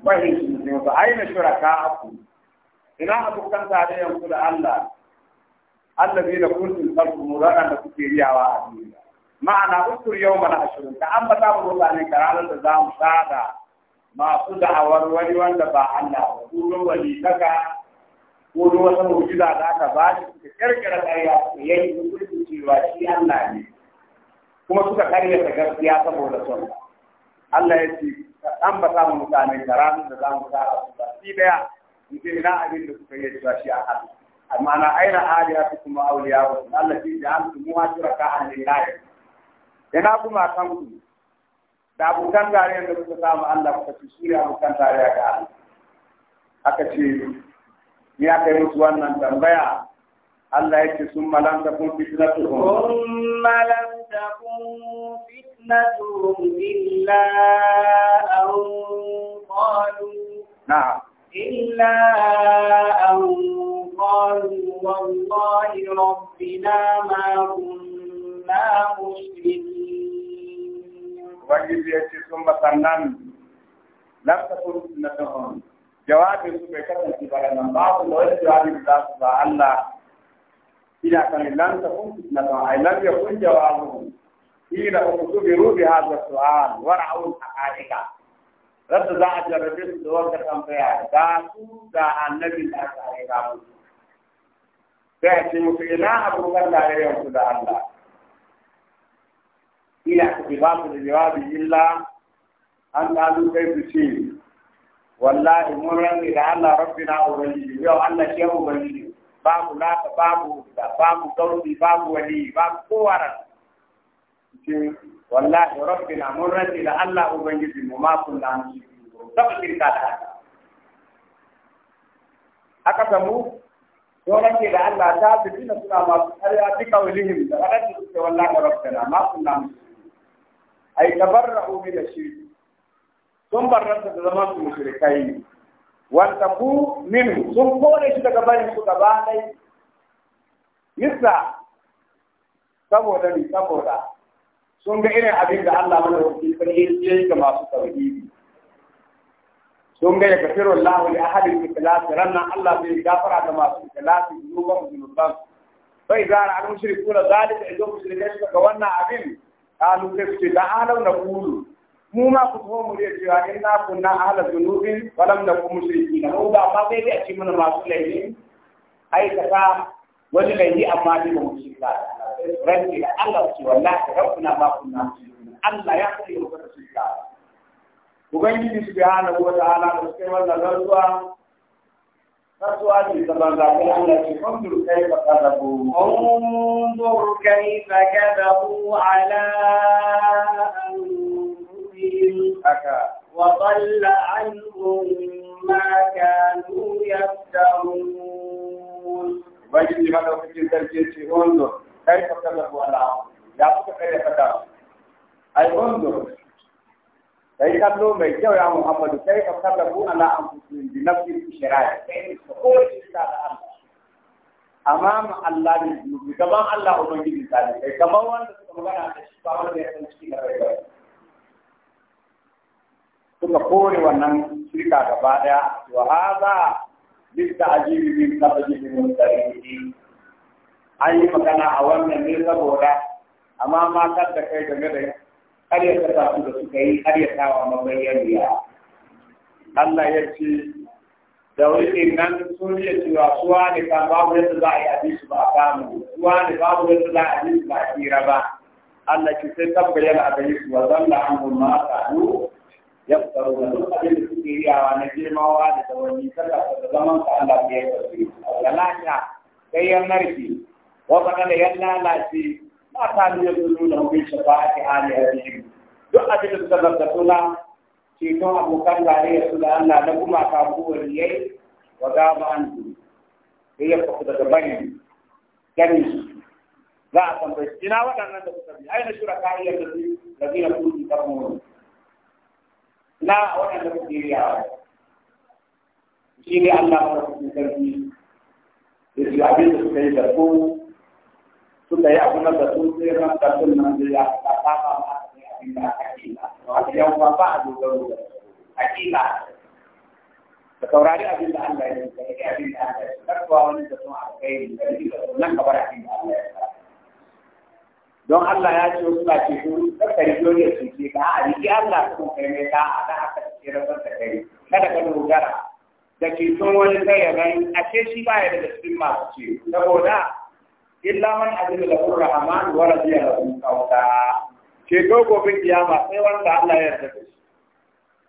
fahimci ne ba aina shuraka aku ina abokan tarayyan ku da Allah Allah bai da kuntum tarku waɗanda da kuke riyawa a duniya ma'ana ukur yau mana ashirin ka an bata mu mutane ka ranar da za mu sada masu da'awar wani wanda ba Allah ba kullum wani daga ko da wata mu'jiza da aka ba shi suka kirkira ƙarya su yayi hukunci cewa shi Allah ne kuma suka karya ta gaskiya saboda son Allah ya ce an bata mu mutane ka ranar da za mu sada su ba shi daya mutum ina abin da suka yi cewa shi a Allah amma na aina aliyatu kuma auliya wa Allah shi da an tumu wa shuraka an lillahi ina kuma kan ku da abokan tarayyar da kuka samu Allah kuka ci su ne abokan tarayya ga Allah aka ce ya kai musu wannan tambaya Allah ya ce sun malam ta kun fitna fitnatuhum sun malam ta kun fitna fitnatuhum illa an qalu na'am illa an qalu wallahi rabbina ma kunna mushrikin ubangiji ya ce sun ba sannan lam na sunnatuhum jawabin su bai kasance ba nan ba su da wani jawabin da su ba Allah ila kan lam takun sunnatuhum ai lam yakun jawabuhum ila ukubiru bi hadha su'al wa ra'u al-haqa'iqa rabba za a jarrabe su da wanda tambaya da su da annabi da aka aika musu sai a ce musu ina abokan tarayyar su da Allah iya ikhtibasu da jawabi illa an kalu kai su ce wallahi mun rani da Allah rabbina ubangiji yau Allah shi ubangiji babu laka babu da babu gauti babu wali babu kowara ce wallahi rabbina mun rani da Allah ubangiji mu ma kunna saba shirka da aka samu sauran ke da Allah ta fitina suna masu karya duka walihim da wadanda suke wallahi rabbina ma kunna musu ay tabarra'u min ash-shirk sun barranta da zama su mushrikai wa taqu min sun kore shi daga bayin su gaba dai yasa saboda ni saboda sun ga irin abin da Allah mana wuce sarki ce ga masu tauhidi sun ga ya kafiru Allah li ahadin ikhlas ranan Allah bai gafara ga masu ikhlas zuwa zunuban fa idza ra'al mushrikuna zalika idan mushrikai suka ga wannan abin kalu sai su ce da kulu mu ma ku tuwo mu dai cewa in na kunna ahla zunubin walam na kuma shirki na ba ma sai dai a ci mana masu laifi aikata wani laifi amma dai ba mu shi ba da Allah ce wallahi rabbuna ba kunna Allah ya kai mu da shirka ubangiji subhanahu wa ta'ala da sai wannan rantsuwa انظر كيف كذبوا على أنفسهم وضل عنهم ما كانوا يفترون وجد ما لو كنت ترجع انظر كيف كذبوا على أنفسهم لا تكفي كذبوا أي انظر kai kallo mai kyau ya Muhammadu kai ka kallafu ala anfusihim bi nafsi shari'a kai ka koyi ta Allah amam Allah ne zunubi gaban Allah ubangiji ta ne kai kamar wanda suka magana da shi ba wanda ya san cikin rai ba suka kore wannan shirka gaba daya wa hadha للتعجيب من قبل A أي مكان أولا من سبورة أما da قد كيد مدين har ya kasa su da suka yi har ya kawo mabayyaniya Allah ya ce da wani nan sun iya cewa suwa ne kan babu yadda za a yi abin su ba a samu suwa ne babu yadda za a abin su ba a tsira ba Allah ki sai tabbayar a gare su wa da an gumma a du ya tsaro da duk abin da suke yi a na girmawa da tawani saka da zaman ka Allah ya yi tsaro ya lafiya kai ya narki wa kana da ya lalace ma kanu ya zuru da mun shafa'ati alihihim duk abin da suka zartatuna ceton abokan tarayyar su da Allah na gumaka ko waliyai wa gaba an su da ya faku daga bari gani za a san tambayi ina waɗannan da suka bi ai na shura kariyar da su da zai na su ta mu na waɗanda suke riya shi ne Allah ya faku sarki da su abin da suka yi da ku suka yi abu na da sun sai ran da sun nan da ya ta ta ba ma ne abin da aka yi a yan uwa ba a dogaro da hakika da saurari abin da Allah ya yi da yake abin da Allah ya yi karkuwa wani da sun aka yi da shi da nan ka kabar abin da Allah ya don Allah ya ce suna ce su karka riyo ne su ka a riki Allah sun kai mai ta a da aka ce rabar da kai kada ka dogara da ke wani kai ya gani a ce shi ba ya da cikin masu ce saboda illa man azza lahu rahman wa radiya lahu qawla ke go go bin kiyama sai wanda Allah ya yarda da shi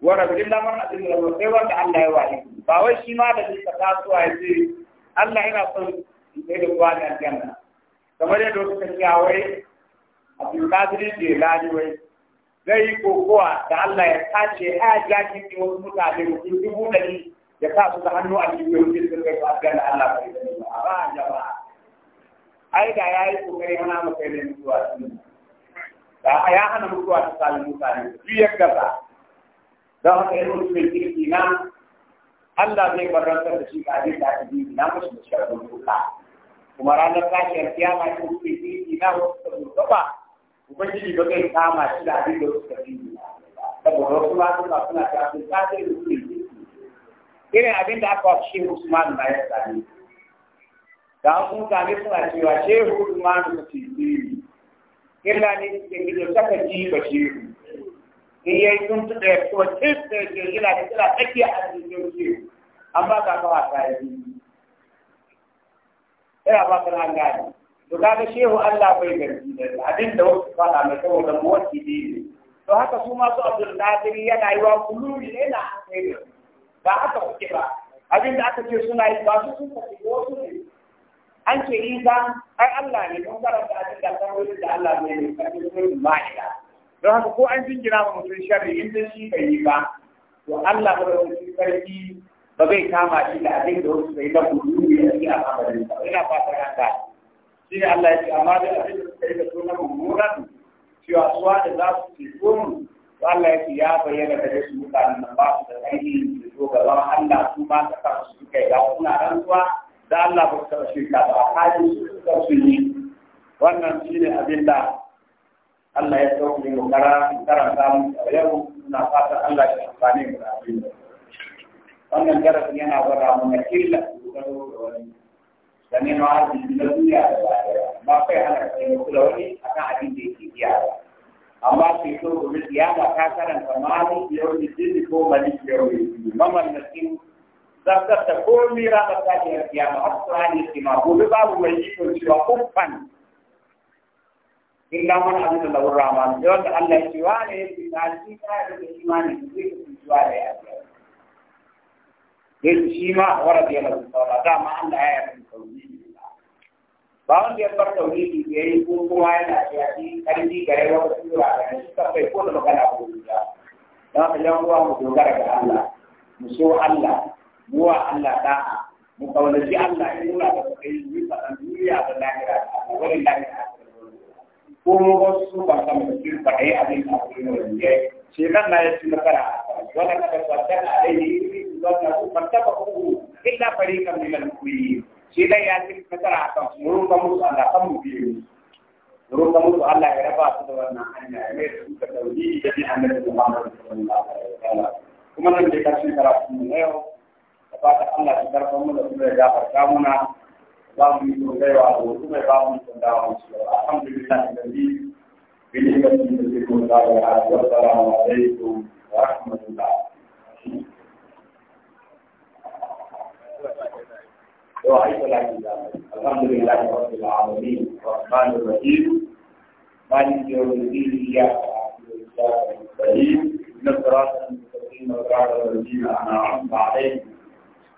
wa rabbil man azza lahu sai wanda Allah ya wani ba wai shi ma da ta tasowa ya ce Allah yana son sai da kwa da aljanna kamar yadda kuka kiya wai Abdul Qadir Jilani wai zai kokowa da Allah ya tace a jaki ne wasu mutane mutum dubu ɗari ya sa su da hannu a cikin wurin sun kai ba aljanna Allah bai da ba jama'a ai da ya yi kokari hana mu kai ne mutuwa da ya hana mutuwa ta sami mutane duk ya gaza don haka yin mutumin kirki na Allah zai barantar da shi ga abin da aka biyu na musu da sharbin kuka kuma ranar tashiyar kiyama ta mutumin kirki na wasu ta gurgaba ubangiji ba zai kama shi da abin da wasu ta biyu saboda wasu masu ba suna ta abin ta sai kirki irin abin da aka wa shi Usman na ya sami ga kun kame suna cewa shehu Usmanu ka tisiri killa ne ke gido saka ji ba shehu in yayi sun tuɗa ya kuma tista ya ce yana da kira tsakiya a cikin shehu amma ga kawa ta yi ina ba kana gani to kaga shehu Allah bai garbi da abin da wasu fada mai da mawaki ne to haka su ma su Abdul Nadir yana yi wa kullu yana kai ba haka kuke ba Abinda aka ce suna yi ba su sun tafi wasu ne an ce isa ai Allah ne don karanta a cikin kalmomin da Allah ne ne karfi sun ma'ida don haka ko an jingina ma mutum sharri in dai shi bai yi ba to Allah ba da wani ba zai kama shi da abin da wasu bai da kudu ne a cikin al'amarin ba ina fatar an gane shi ne Allah ya ce amma da abin da suka yi da sunan mummunan cewa suwa da za su ce mu to Allah ya ce ya bayyana da su mutanen nan ba su da ainihin da zo gaba Allah su ma ta su suka yi da rantsuwa da Allah ba ta shirka ba hali wannan shine abin da Allah ya sauke mu kara karanta mu a yau na fatan Allah ya amfane mu da abin wannan darasin yana gwada mana illa da ne ma arziki da duniya da lahira ba kai ana kai kula wani akan abin da yake iya amma sai to gobe kiyama ka karanta mali yau da ko malik yau da mamallin zartar da komi ranar tashin kiyama har Qur'ani ke ma gobe babu mai yi to cewa kuffan illa man amina lahu rahman da Allah ya wa ne ya ta shi ta da imani zai kusantuwa da ya ce yake shi ma warad ya lafi saura dama Allah ya yi tauhidi ba wanda ya bar tauhidi ya yi kuma yana da yaƙi ƙarfi gare wata sura da shi ta kai ko da magana ko da dan haka yan uwa mu dogara ga Allah mu so Allah wa Allah da mu kaunaci Allah in muna da kuka yi yi a duniya da lahira da wani lahira ko mu ba su ba ta mu ci ba ai abin da ku yi ne shi kan na yi nasara wannan kada wannan alaihi wannan ku fattaba ku illa fariqan min al-mu'minin shi dai ya ci nasara akan mu ruka musu Allah kan mu biye roƙa musu Allah ya raba su da wannan hanya ya mai su ka tauhidi da bi annabi Muhammad sallallahu alaihi wasallam kuma nan da kashi karatu ne yau da fata Allah ya karfa mu da kuma ya gafarta muna ba mu yi gaiwa da wasu mai ba mu tunda wa shi alhamdulillah da bi bin da ke ko da ya assalamu alaikum wa rahmatullah وعيد العيد الحمد لله رب العالمين الرحمن الرحيم مالك يوم الدين اياك نعبد واياك نستعين نصراط المستقيم صراط الذين انعمت عليهم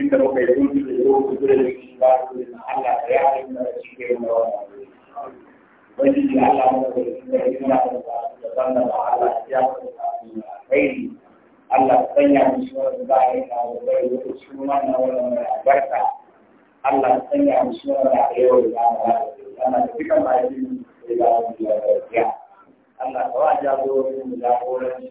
inda muka yi dunki da yau ku gure da shi ba ku da Allah da ya yi mana shi ke yin rawa wani ji Allah mu da shi da yana da da san da Allah ya da kai Allah sanya mu shi wani da ya na bai wata shi na mai albarka Allah sanya mu shi wani da yau da ya ana da dukkan bayan da ya da ya Allah ta wa jagororin da jagoranci